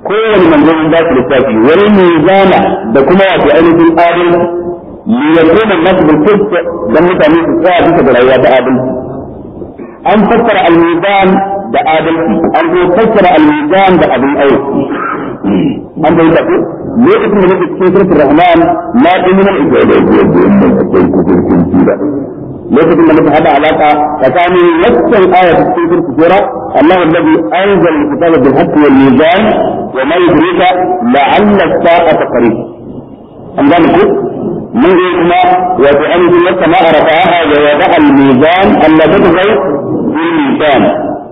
kowane manzon an ba shi littafi wani mizana da kuma wato ainihin adalci ne ya kuma bil qist dan mutane su tsaya bisa da rayuwa ta adalci an fassara al-mizan da adalci an zo fassara al-mizan da abin aiki an bai tafi lokacin da nake cikin surfin rahman na ɗin yin ita da biyar da yin akwai kusurkin tura lokacin da muka hada alaka tsakanin waccan aya cikin surfin tura Allah wallahi anzal kitaba bil haqqi wal mizan وما يدريك لعل الساعة قريبة أن ذلك من ذلكما وتعلم السماء رفعها ووضع الميزان ألا في الميزان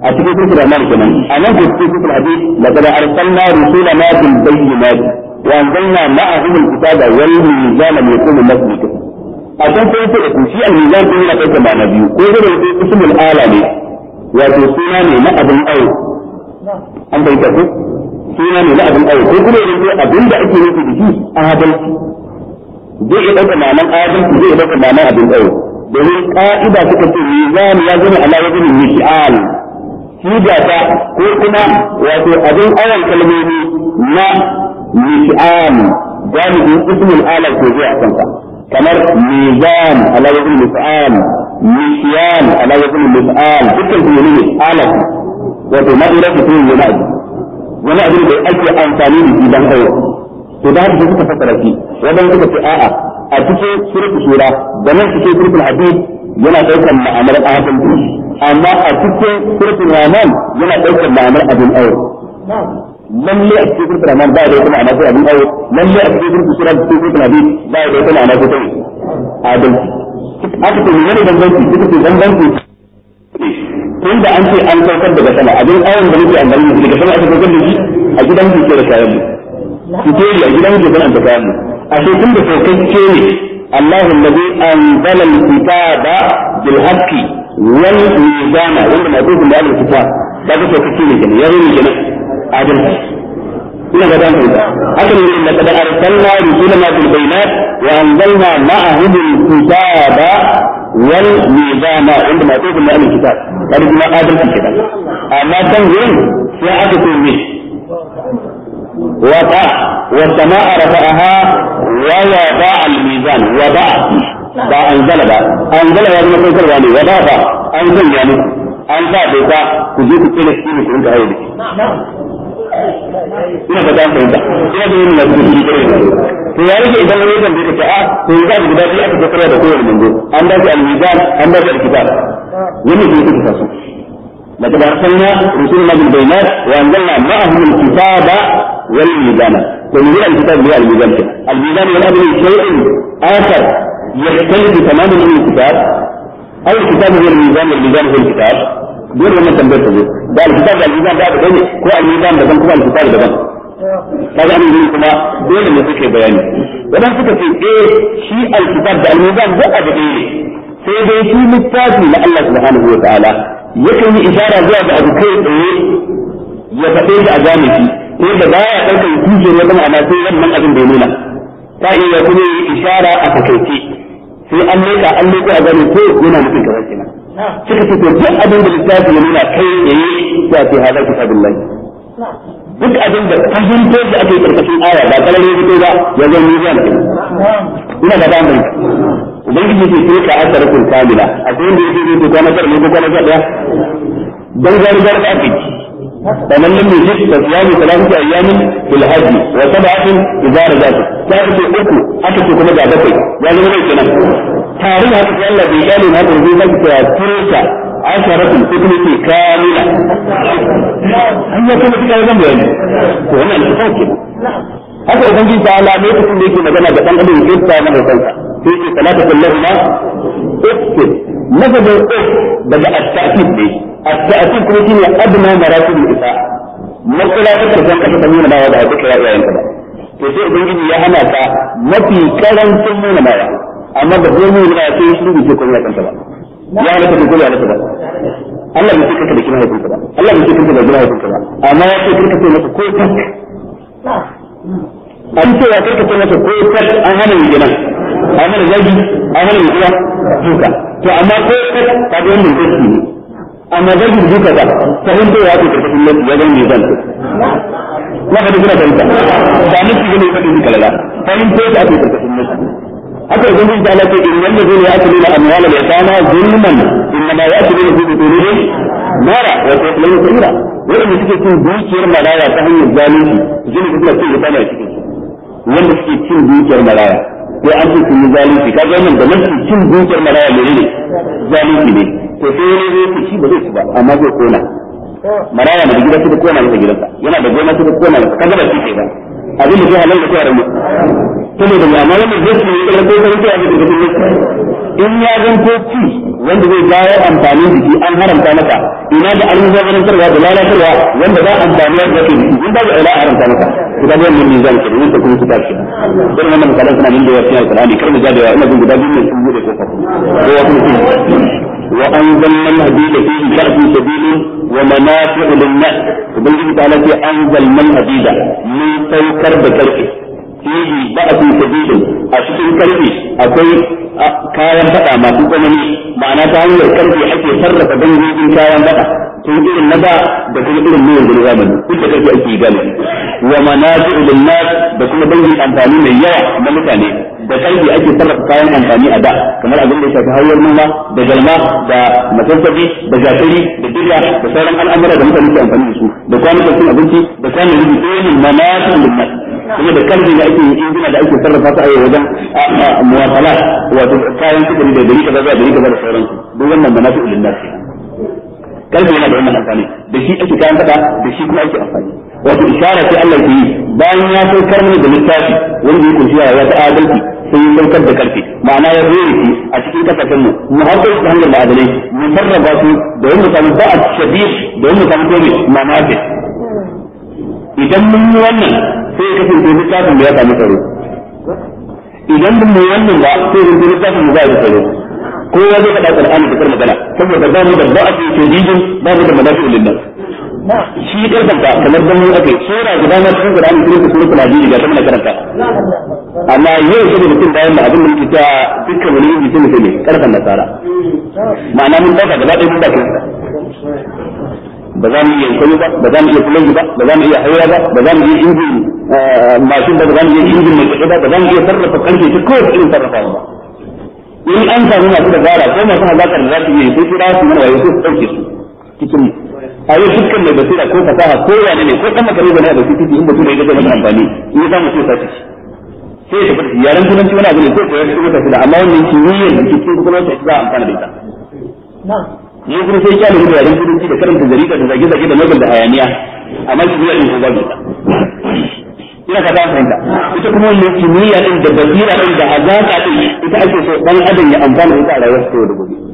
أتبقى في الأمان كمان أنا في الحديث لقد أرسلنا رسولنا بالبينات وأنزلنا معهم الكتاب والميزان ليكون الناس بالقسط عشان sai في الميزان shi al-mizan نبي na kai ba لي biyu ko da yake ismul ala suna ne na abin aure ko kuma yanzu abin da ake nufi da shi adalci zai iya ɗauka ma'anar adalci zai iya ɗauka ma'anar abin aure domin ka'ida suka ce mizan ya zama ala wajen mishi'al da ta ko kuma wato abin awon kalmomi na mishi'al jami'in ismul ala ko a kanka kamar mizan ala wajen mishi'al mishiyan ala wajen mishi'al dukkan su ne ala wato ma'ira su ne na wani abin da ake amfani da shi dan aure to da haka suka fassara shi wannan suka ce a'a a cikin suratu sura da nan cikin suratul hadid yana daukar ma'amar abin amma a cikin suratul rahman yana daukar ma'amar abin aure lalle a cikin surutu rahman ba da wata ma'amar ta abin aure lalle a cikin suratul hadid ba da wata ma'ana ta abin adalci haka to ne bambanci suka ce bambanci tun da an ce an saukar daga sama abin ayon da muke amfani da daga sama aka saukar da shi a gidan mu ke da kayan mu fitori a gidan mu ke da kayan mu a shi tun da saukacce ne Allah alladhi anzala al-kitaba bil haqqi wal mizana wanda na dukkan da al-kitab da ka saukacce ne kenan yaro ne kenan adalci ina ga dan ka haka ne inna qad arsalna rusulana bil bayinat wa anzalna ma'ahum al-kitaba wal mizana inda ma tsohon ma'anin kitab kada kuma adalci kenan amma kan gurin sai aka ce me wata wa sama'a rafa'aha wa wada al mizan wada ba anzala ba anzala ya zama kankarwa ne ba an an sa ku je ku tsere ina ba za fahimta ina da yin lafi da kare to ya rage idan wani zan bai ta a to za ka guda biyu aka tattara da kowane manzo an dace الكتاب والميزان ومن الكتاب هو الميزان الميزان والأمر شيء آخر يختلف تماما من الكتاب الكتاب هو الميزان والميزان هو الكتاب dole wannan tambayar ta zo da alkitab da alkitab da daban ko alkitab daban kuma alkitab daban kaga an yi kuma dole ne suke bayani wadan suka ce eh shi alkitab da alkitab da a daban ne sai dai shi littafi na Allah subhanahu wa ta'ala yakan yi isara zuwa ga abu kai tsaye ya faɗe shi a gane shi ko da baya ɗaukar kishiyar wata ma'ana sai wannan abin bai nuna ta iya kuma yi isara a takaice sai an leka an leka a gane ko yana nufin kamar kenan suka ce duk abin da littafi ya nuna kai ya yi ya ce hada kitabullahi duk abin da fahimto da ake karkashin aya ba kalar fito ba ya zo ni zan ina da damar ubangiji ke ce ka kun kamila akwai wanda yake zai ne ko ya dan gari gari da فمن لم يجد فصيام ثلاثة أيام في الحج وسبعة إذا رجعت. لا تقول أكو أكو كما جابتك. يا زلمة tare da haka sai Allah bai gane na da zai zai ta turka asharatu ko kuma ke kamila an ya kuma cikin zan bayani ko wannan ne haka idan ta Allah kuma yake magana da dan adam yake ta mana kanka sai salatu ma daga at at kuma shine adna da sai ubangiji ya hana ka mafi karancin nuna amma da zai mun da sai shi ne ce ya a kansa ba ya ne da komai a ta Allah bai ce kanka da kina haifinka ba Allah bai ce kanka da kina haifinka ba amma ya ce kanka ce masa ko tak an ce ya kanka ce masa ko tak an hana yi gina an hana zagi an hana yi gina duka to amma ko tak ka ga wannan gaski ne amma zagi duka ba fahimta ya ce karkashin lafi ya zama mai zanta na fadi kuna fahimta ba nufi gani ya fadi duka lala fahimta ya ce karkashin lafi haka da gudun ta lafi in wanda zai ya kulina amwala da kana zulman inna ma ya kulina fi butunihi nara wa taslimu sira wanda suke cin dukiyar malaya ta hanyar zalunci jini da suka ce ya tana cikin wanda suke cin dukiyar malaya ko an ce sun yi zalunci ka ga wannan da nan cin dukiyar malaya ne ne zalunci ne to sai wani zai ci ba zai ci ba amma zai kona maraya da gida su da kona masa gidansa yana da gona su da kona masa kaga ba shi ke ba abin da zai halalla ko haramu saboda ya ma wannan zai yi da ko kan da da zai in ya zan ko ci wanda zai bayar amfanin jiki an haramta maka ina da an zama sarwa da lalatarwa wanda ba amfani da zai yi in ba da ila haramta maka to da wannan ne zan kiri da kuma kitab shi dan wannan misalan suna min da yawa cikin alqur'ani kar mu ja da ina jin guda biyu ne sun bude ko fa ko wasu وأنزلنا الهدي فيه بأس سبيل ومنافع للناس وبنجد تعالى في أنزلنا الهدي من سوكر بكركه فيه بأس سبيل أشكل كركه أقول kayan faɗa masu tsanani ma'ana ta hanyar karfe ake sarrafa dangogin kayan faɗa tun irin na da da kuma irin na yanzu zamani duk da kake ake gane wa da kuma amfani mai yawa na mutane da kalbi ake sarrafa kayan amfani a da kamar abin da ya shafi hawar noma da galma da matsatsabi da jakari da dirya da sauran al'amura da mutane ke amfani da su da da cin abinci da kwanukan rubi tsohon mamakin lumma kuma da kalbi da ake yi injina da ake sarrafa su a yau wajen muwafala wato kayan sufuri da gari kaza da gari kaza da sauransu duk wannan da linnas kalbi yana da wannan amfani da shi ake kayan fada da shi kuma ake amfani wato isharar ce Allah ke yi bayan ya saukar mana da littafi wanda ya kunshi ya ta adalci sai ya saukar da karfi ma'ana ya zo shi a cikin kasashen mu mu har da hanyar da adalai mu sarrafa su da yin mutane ba a shabir da yin mutane dole ake idan mun yi wannan sai ya kasance littafin da ya samu tsaro idan mun yi wannan ba sai ya kasance littafin da ya samu tsaro kowa zai faɗa Qur'ani da kar magana saboda ba mu da ba a ce jijin ba mu da madafi'ul lillah shi karfanta kamar ganin aka yi sura guda na cikin guda ne kuma su kuma da karanta amma yau shi mutum bayan da abin da muke ta dukkan wani yin mutum ne karfan nasara ma'ana mun dauka gaba ɗaya mun ba ba za mu iya kwani ba ba za mu iya kulaji ba ba za mu iya haura ba ba za mu iya injin eh, mashin ba ba za mu iya injin mai kaɗe ba ba za mu iya sarrafa karfe ta kowace irin ba in an samu masu da gara ko masu hazakar da za su iya yi kira su mana wayo su ɗauke su cikin mu a yau dukkan mai basira ko fasaha ko yana ne ko kan makare bane a baki titi in mutum ya gaza masa amfani in ya samu sai sace sai ya tafi yaran tunanci wani abu ne ko koyar da tafi da amma wannan ne da ke cikin kuma sai za a amfana da ita ne kuma sai ya lura yaran tunanci da karanta jarida da zage-zage da magal da hayaniya amma shi din ko ba ta ina ka ta fahimta ita kuma wannan kimiyya din da basira din da azaka din ita ake so dan adam ya amfana da ita a rayuwar sa da gobe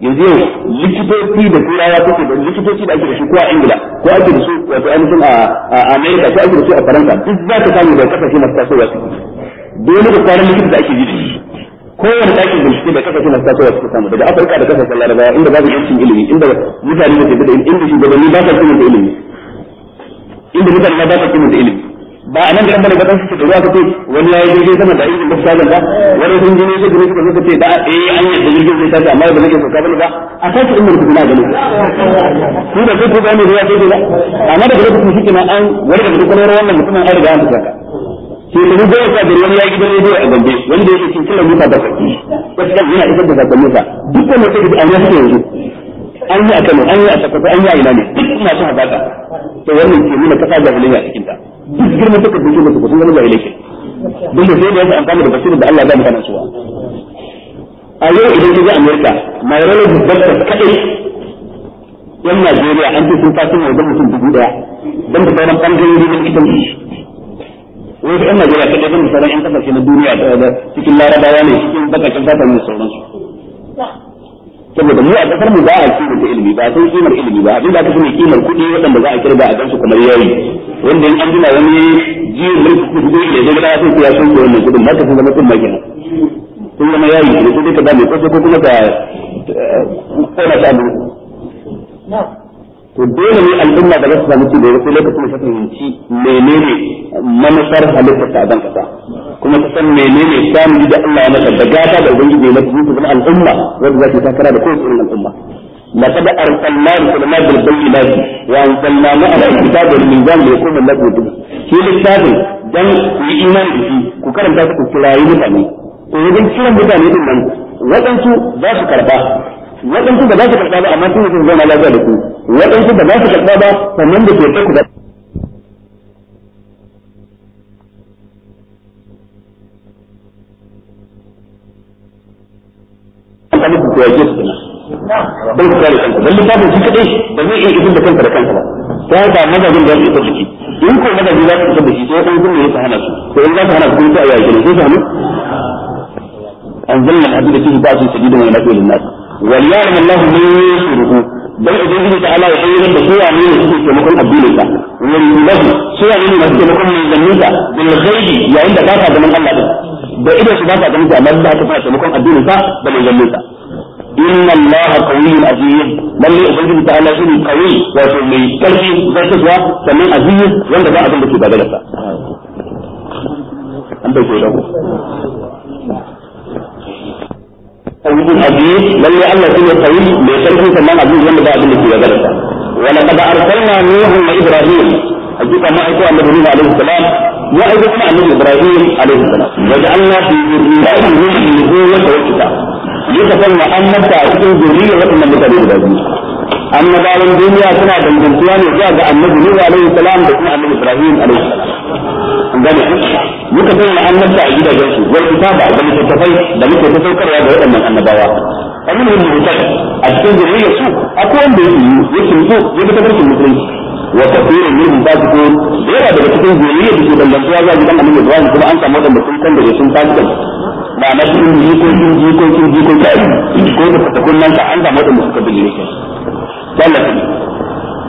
yanzu yau likitoci da turawa take da likitoci da ake da shi ko a ingila ko ake da su wato ainihin a america ko ake da su a faransa duk za ka samu da kasashe masu tasowa su dole da kwanan likita da ake yi da shi kowane ɗakin bincike da kasashe masu tasowa suke samu daga afirka da kasashen larabawa inda babu yancin ilimi inda mutane da ke da ilimi inda shugabanni ba sa kimanta ilimi inda mutane ba sa kimanta ilimi ba a nan da bane gaban suke ruwa ka ce wani ya yi jirgin sama da aikin gaskiya ba wani sun jini su gurin suka kace da eh an yi da jirgin zai tafi amma ba nake sauka bane ba a sake umar ku na gani su da zai kuma ne ruwa kace ba amma da gurin ku shike na an wani da kuma wannan mutumin an riga an ka ke kuma zai ka da wani yi gidan rediyo a gambe wanda yake cikin kilomita da kai wata kan yana isar da sakonni sa dukkan wata da an yi yanzu an yi a Kano an yi a Sokoto an yi a ina ne duk masu hazaka to wannan ke nuna kasa jahiliya cikin ta duk girman suka dace musu sun zama jahilai ke dole sai da yake amfani da basirin da Allah ya ba mutane su a yau idan ka je America myrology doctor kadai yan Najeriya an ce sun fasin wajen mutum dubu daya don da sauran ɓangarori na ita ne wasu yan Najeriya kadai don da sauran yan kasashe na duniya da cikin larabawa ne cikin bakacin fata ne sauransu saboda mu a kasar mu ba a da ilimi ba san kimar ilimi ba abin da aka sani kimar kuɗi waɗanda za a kirga a gansu kamar yayi wanda in an gina wani jiya mulki kuɗi da zai ga sai ya sun wannan kuɗin ba ta san zama kuma kenan sun zama yayi ne sai ka da mai ko kuma ka eh, kona ta abu to dole ne al'umma da za su samu ci lokacin da ta fahimci menene manufar halittar ta ban kasa kuma ta san menene samun da Allah ya maka da gata da ubangiji ya maka zuwa al'umma wanda za takara da kowace irin al'umma لقد أرسلنا رسلنا بالبينات وأنزلنا معنا الكتاب والميزان ليقوم الناس بالقسط. في الكتاب دم الإيمان به وكرم ذلك الكلاهي مثلا. وإذا كلام مثلا يقول وأنتم waɗansu ba za su karɓa ba amma sun yi zauna lafiya da ku waɗansu ba za su karɓa ba sannan da ke ɗauku da yake su kenan bai kare kanka dan ba zai iya da kanka da kanka ba ta tafi in tafi hana su to hana su ne wal ya'lam Allah min yusuruhu dan ubangiji ta Allah ya yi da kowa ne suke taimakon addinin sa wal yulahu suwa ne masu taimakon mai zannin sa bil ghaibi da ba ka ganin Allah da idan su ba ka ganin sa amma da ka fara taimakon addinin sa da mai zannin sa inna Allah qawiyyun aziz lalle ta wato mai karfi zartaswa sannan aziz wanda ba a da ke bagala ayyukan aziz lalle Allah shine qawi mai sarki sannan abin wanda ba abin da ke gaba da wa laqad arsalna nuha wa ibrahim hakika ma aiko annabi nuha alaihi salam ya aiko kuma annabi ibrahim alaihi salam wa ja'alna fi dhurriyyatihi nubuwwatan wa kitaba yaka sanna annabta a cikin dhurriyyar wannan mutane biyu annabawan duniya suna dangantuwa ne zuwa ga annabi Nuhu alaihi salam da kuma annabi Ibrahim alaihi salam gane muka bayyana annabta a gidajen su wal kitaba da tafai da muke ta saukarwa waɗannan annabawa kamar yadda tafi a cikin zuriyar su akwai wanda yake yi yake so ya bi tabbacin musulunci wa kafirin minhum yana daga cikin zuriyar da ke dangantuwa zuwa gidan annabi Ibrahim kuma an samu waɗanda sun kan da sun fasikan ba na cikin jikokin jikokin jikokin ko da fatakunan ka an samu waɗanda suka bi ne سلم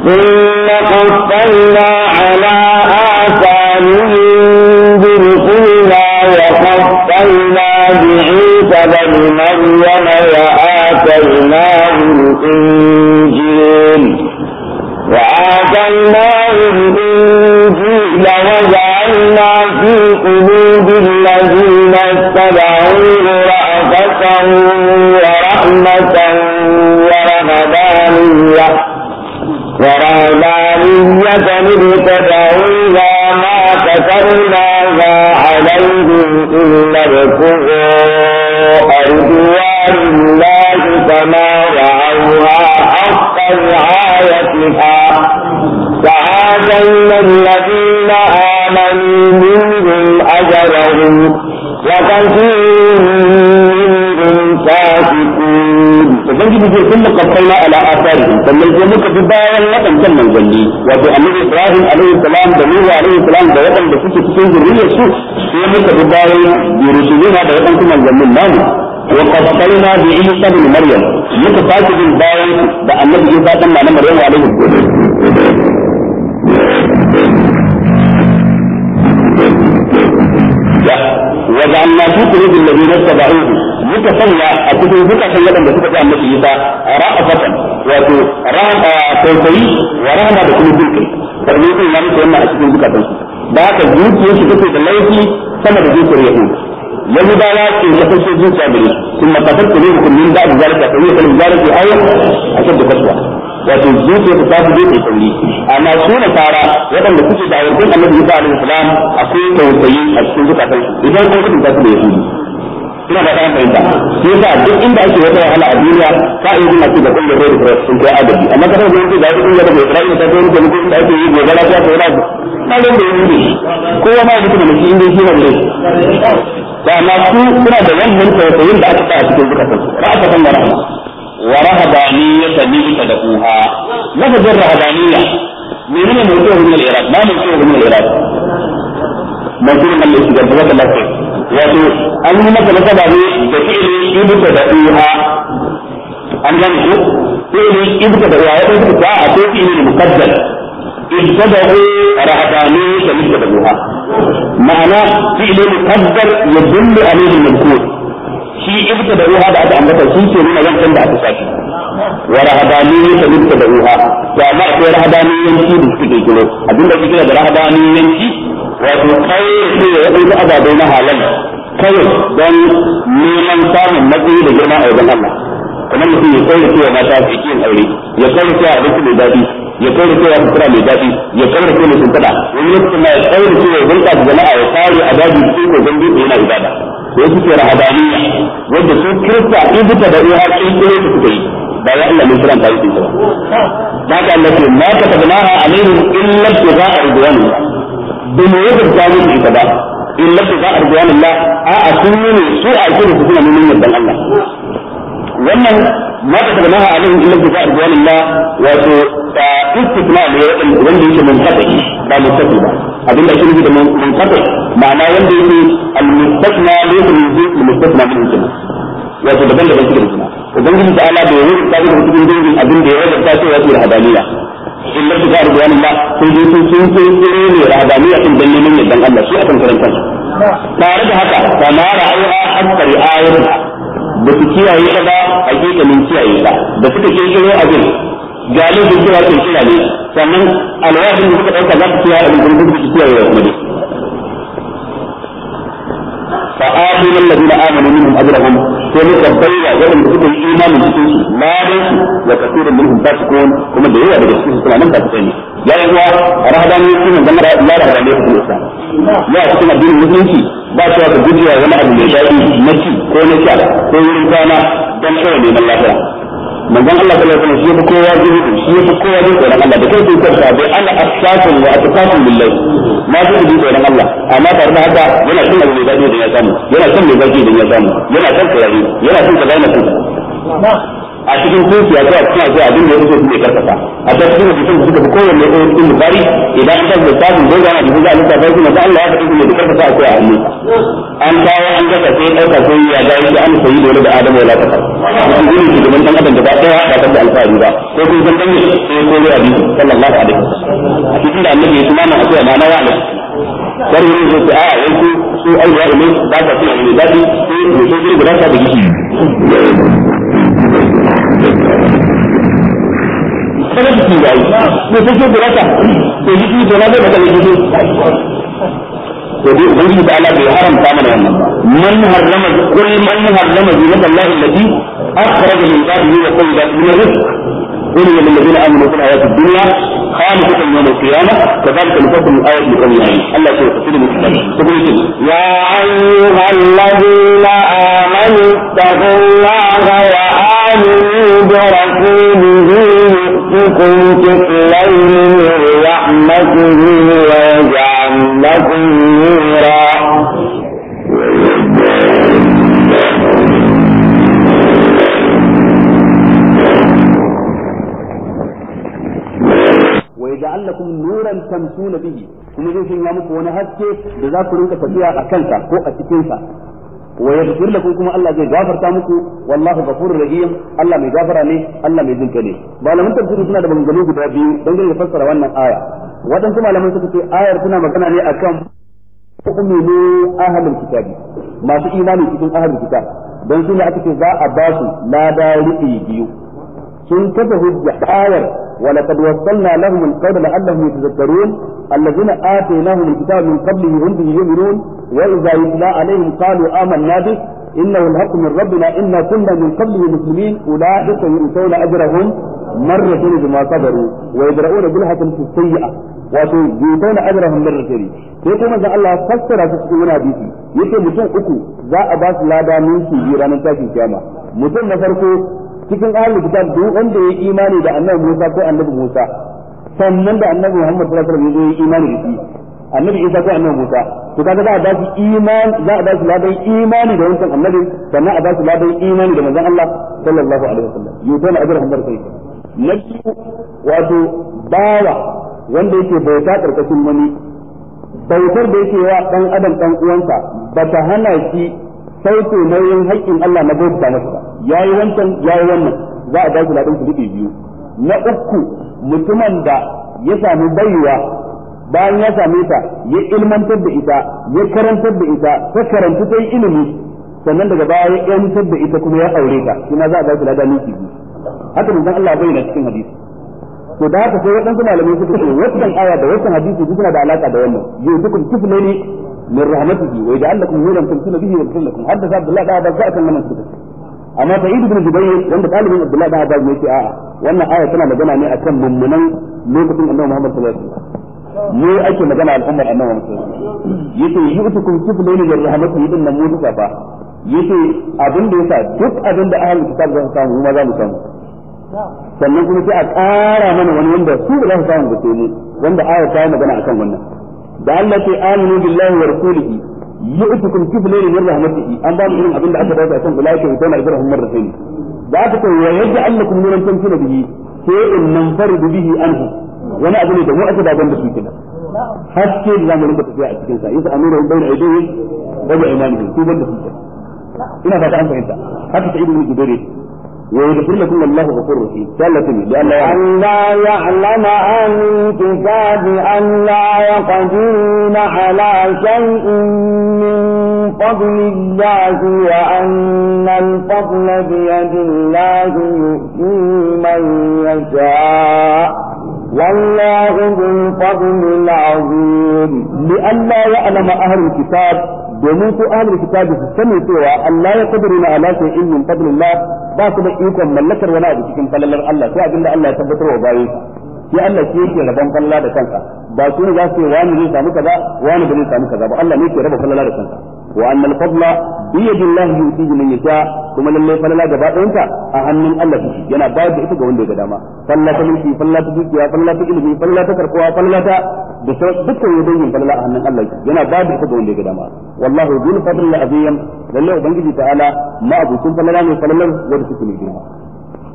ثم قفلنا على آثارهم بالقرى وقفلنا بعيسى بن مريم وآتيناه الإنجيل وآتيناه الإنجيل وجعلنا في قلوب الذين اتبعوه رأفة ورحمة ورهبانية ابتدعوها ما ما عليهم إلا ابتغاء رضوان الله فما رعوها حق رعايتها فآتينا الذين آمنوا منهم أجرهم وكثير ubangiji zai kullu qafaina ala asarihi sannan sai muka bi bayan wadannan manzanni wato annabi Ibrahim alaihi salam da Nuhu alaihi salam da wadanda suke cikin zuriyar su sai muka bi bayan rusulina da wadannan manzannin namu wa qafaina bi Isa ibn Maryam muka sake bin bayan da annabi Isa dan na Maryam alaihi salam وجعلنا في قلوب الذين اتبعوه muka sanya a cikin zukatan waɗanda suka ji annabi Isa ra'afatan wato ra'a tausayi wa rana da kuma zulfi sannan sun ya musu wannan a cikin zukatan su da haka zuciyar su take da laifi sama da zuciyar Yahudi Yahudawa ke kasance zuciya da su kuma kasar ku ne hukumin da zalika a ya kalli zalika a cikin kasuwa wato zuciya ta tafi dai kai sauri amma su na fara waɗanda kuke da ayyukan Annabi Isa alaihi salam akwai tausayi a cikin duka su idan kun kudin ta da Yahudi ina da karan fahimta shi yasa duk inda ake wata wahala a duniya ka iya jin ake da kullu bai da sun kai adabi amma kada mu yanke da kullu da bai ta dole da mutum da ake yi gobe la ta wala ba da da yi kowa ma mutum da shi inda shi ne ne da ma su suna da wannan tausayin da aka sa a cikin zukatan su ra'a ta san da rahama wa rahabaniyya tabi'ta da uha lafazin rahabaniyya menene mutum ne al-iraq ma mutum ne al wato an yi masa nasaba ne da fi'ili ibuka da uha an gani ko fi'ili ibuka da uha wato ibta a ko fi'ili muqaddar da رهبانية ma'ana ابتدعوها mukaddal ya مقدر يدل عليه المذكور shi ibuka da da aka ambata shi ke nuna wancan da aka saki wa rahabaniyya ta ibtada'uha to amma akwai yanki da suke kiro abinda suke da rahadani yanki wato kai sai ya waɗansu ababai na halal kawai don neman samun matsayi da girma a wajen Allah kuma mutum ya kawai cewa mata su yi aure ya kawai cewa abinci mai daɗi ya kawai cewa sutura mai daɗi ya kawai cewa sun tada wani lokacin ma ya kawai cewa hulɗa da jama'a ya kare a daji cikin kogon dutse yana ibada ko suke rahabaniya wanda su kirista ibuta da iya kirkiro su suka yi ba ya Allah ne kiran ta yi ba ba Allah ce ma ka tabnaha a illa ibtida'a da mu yadda ta yi da ita ba in lafi ba a rijuwan Allah a a sun yi ne su a kira su suna neman yardan Allah wannan ma ta tabbata a nan in lafi ba a rijuwan Allah wato ta istisna ne wanda yake mun tafi ba mun tafi ba abin da shi da mun tafi ma'ana wanda yake al-mustasna ne al-mustasna ne wato daban daban cikin suna ubangiji ta ala da yi ta cikin dangin abin da ya wajabta cewa su da hadaniya in da suka rubuwa Allah sun je sun sun sun tsire ne rabaniya din dan neman yardan Allah shi akan kan tare da haka kama ra'ayuha hatta ri'ayatuha ba su kiyaye ta ba a kekalin kiyaye ta da suka kirkiro abin galin da suka kirkira ne sannan alwafin da suka ɗauka za su kiyaye abin da suka kiyaye wa kuma fa atin alladheena amanu minhum ajrahum sai muka bayyana waɗanda suka yi imani cikin su ladan su wa kathirun minhum fasiqun kuma da yawa daga cikin su suna nan fasikai ne ya yi wa rahadani shi ne zama la rahadani su ne ya cikin addinin musulunci ba ta ka gujewa wani abu mai daɗi na ci ko na sha ko wurin kana don kawai neman lafiya manzon Allah sallallahu alaihi wasallam shi kowa zuhudu shi fi kowa jin tsoron Allah da kai sai kansa bai ana asfatun wa atqatun billahi ma zai ji tsoron Allah amma tare da haka yana son abu mai da ya samu yana son mai zaki da ya samu yana son tsayari yana son a cikin kofiya zuwa suna zuwa abin da ya fito ne karkata a ta cikin hadisin da suka fi kowanne ko cikin bukari idan an tabbata tabin da yana da zuwa lissafa su na Allah ya faɗi ne da karkata a kai a an kawo an gasa sai ɗauka sai ya ga yake an sayi dole da Adamu ya lakata an gudun shi gaban dan adam da ba ɗaya ba kan da alfahari ba ko kun san dan sai ko da hadisi sallallahu alaihi a cikin da annabi ya kuma na akwai ma'ana wa alaihi yi ne sai a yanku su ne ba ta sai يجب ان يكون هذا المكان يجب ان يكون هذا المكان يجب ان يكون هذا المكان يجب ان يكون هذا المكان يجب ان يكون هذا المكان يجب ان يكون هذا المكان يجب ان يكون هذا المكان يجب ان يكون هذا المكان يجب ان يكون هذا المكان يجب ان يؤتكم كفلين من رحمته ويجعل لكم نورا ويجعل لكم نورا تمشون به kuma zai sanya muku wani haske da za ku rinka tafiya a kansa ko a cikinsa wa yaghfir lakum kuma Allah zai gafarta muku wallahu ghafurur rahim Allah mai gafara ne Allah mai jinka ne malaman tafsiri suna da maganganu guda biyu dangane da fassara wannan aya waɗansu malaman suka ce ayar suna magana ne akan mu'minu ahlul kitabi masu imani cikin ahlul kitab don suna ne aka za a basu su biyu sun kafa hujja ayar wa laqad wassalna lahum alqawla la'allahum yatadhakkarun alladhina atainahum alkitaba min qablihi hum bihi yu'minun wa idza yutla alaihim qalu amanna إنه الحق من ربنا إنا كنا من قبله مسلمين أولئك يؤتون أجرهم مرتين بما صبروا ويدرؤون بالحسنة السيئة wato yutona ajrahum marratayn sai kuma da Allah fassara su cikin wani hadisi yace mutum uku za a ba su lada ninki ranar mutum na farko cikin ahlul kitab duk wanda yayi imani da annabi Musa ko annabi Musa sannan da annabi Muhammad sallallahu alaihi wasallam yayi imani da shi annabi Isa ko annabi Musa to kaga za a ba shi iman za a ba shi imani da wancan annabi sannan a ba shi imani da manzon Allah sallallahu alaihi wasallam na ajrahum barkai na biyu wato bawa wanda yake bauta karkashin wani bautar da yake wa dan adam dan uwansa ba ta hana shi sauke nauyin haƙƙin Allah na bauta masa yayi wancan yayi wannan za a dace ladan kuɗi biyu na uku mutumin da ya sami baiwa bayan ya same ta ya ilmantar da ita ya karantar da ita ta karanta ta ilimi sannan daga baya ya ilmantar da ita kuma ya aure ta kuma za a dace ladan miki biyu haka san Allah bayyana cikin hadisi to da haka sai waɗansu malamai suka ce wannan aya da wannan hadisi duk suna da alaka da wannan yuzukum kiflaini min rahmatihi wa yaj'al lakum nuran tumsuna bihi wa yaghfir lakum hadda Abdullah da ba za a kan wannan suka amma sa'id ibn jubayr wanda dalibin abdullahi da abbas ne ce a'a wannan aya tana magana ne akan mummunan lokacin annabi muhammad sallallahu alaihi wasallam ne ake magana al'ummar annabi muhammad yace yu'tukum kiflayn min rahmatihi din nan mutu safa yace abin da yasa duk abin da ahlul kitab za su samu mu za mu samu sannan kuma sai a ƙara mana wani wanda su za su samu ba sai wanda aya ta magana akan wannan da Allah ce aminu billahi wa rasulihi yu'tukum kiflayn min rahmatihi an ba mu irin abin da aka dace a kan ulaika yutuna ibrahim marratayn da aka ce wa yaj'alukum nuran tamtina bihi sai in nan fardu bihi anhu wani abu ne da mu aka daban da su kenan haske da zamu rinka tafiya a cikin sa yasa amira bayna aydihim wa bi ina ويغفر لكم الله غفور رحيم ثالثا لأن لا يعلم أن كتاب أن لا يقدرون على شيء من فضل الله وأن الفضل بيد الله يؤتيه من يشاء والله ذو الفضل العظيم لئلا يعلم أهل الكتاب domin su ahlul kitabi su sani cewa Allah ya kadiruna ala shay'in min fadlillah ba su da ikon mallakar wani abu cikin falalar Allah sai abinda Allah ya tabbatar wa bayi shi Allah shi yake rabon falala da kansa ba su ne za su ce wani zai samu kaza wani ba zai samu kaza ba Allah ne yake raba falala da kanka. wa anna al-fadla bi yadillahi yutihi man yasha kuma lalle falala gaba ɗayanta a hannun Allah take yana bayar da ita ga wanda ya ga dama falala ta mulki dukiya falala ilimi falala karkuwa falala ta da dukkan yadoyin falala a hannun Allah yana bayar da ita ga wanda ya ga dama wallahu dhul fadl azim lalle ubangiji ta'ala ma abucin falala ne falalar wanda take ne girma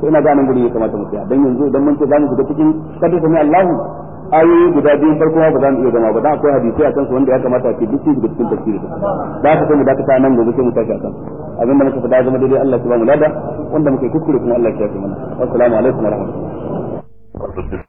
to ina ganin yanzu idan mun ce zamu shiga cikin kada Allahu ayoyi guda biyun farko ma ba za mu iya gama ba dan akwai hadisi a kansu wanda ya kamata a duk daga cikin tafsiri da ka sai mu dakata nan gobe sai mu tashi a kansu abinda muka faɗa zama daidai Allah ya ba mu lada wanda muke kuskure kuma Allah ya shafe mana assalamu alaikum wa rahmatullahi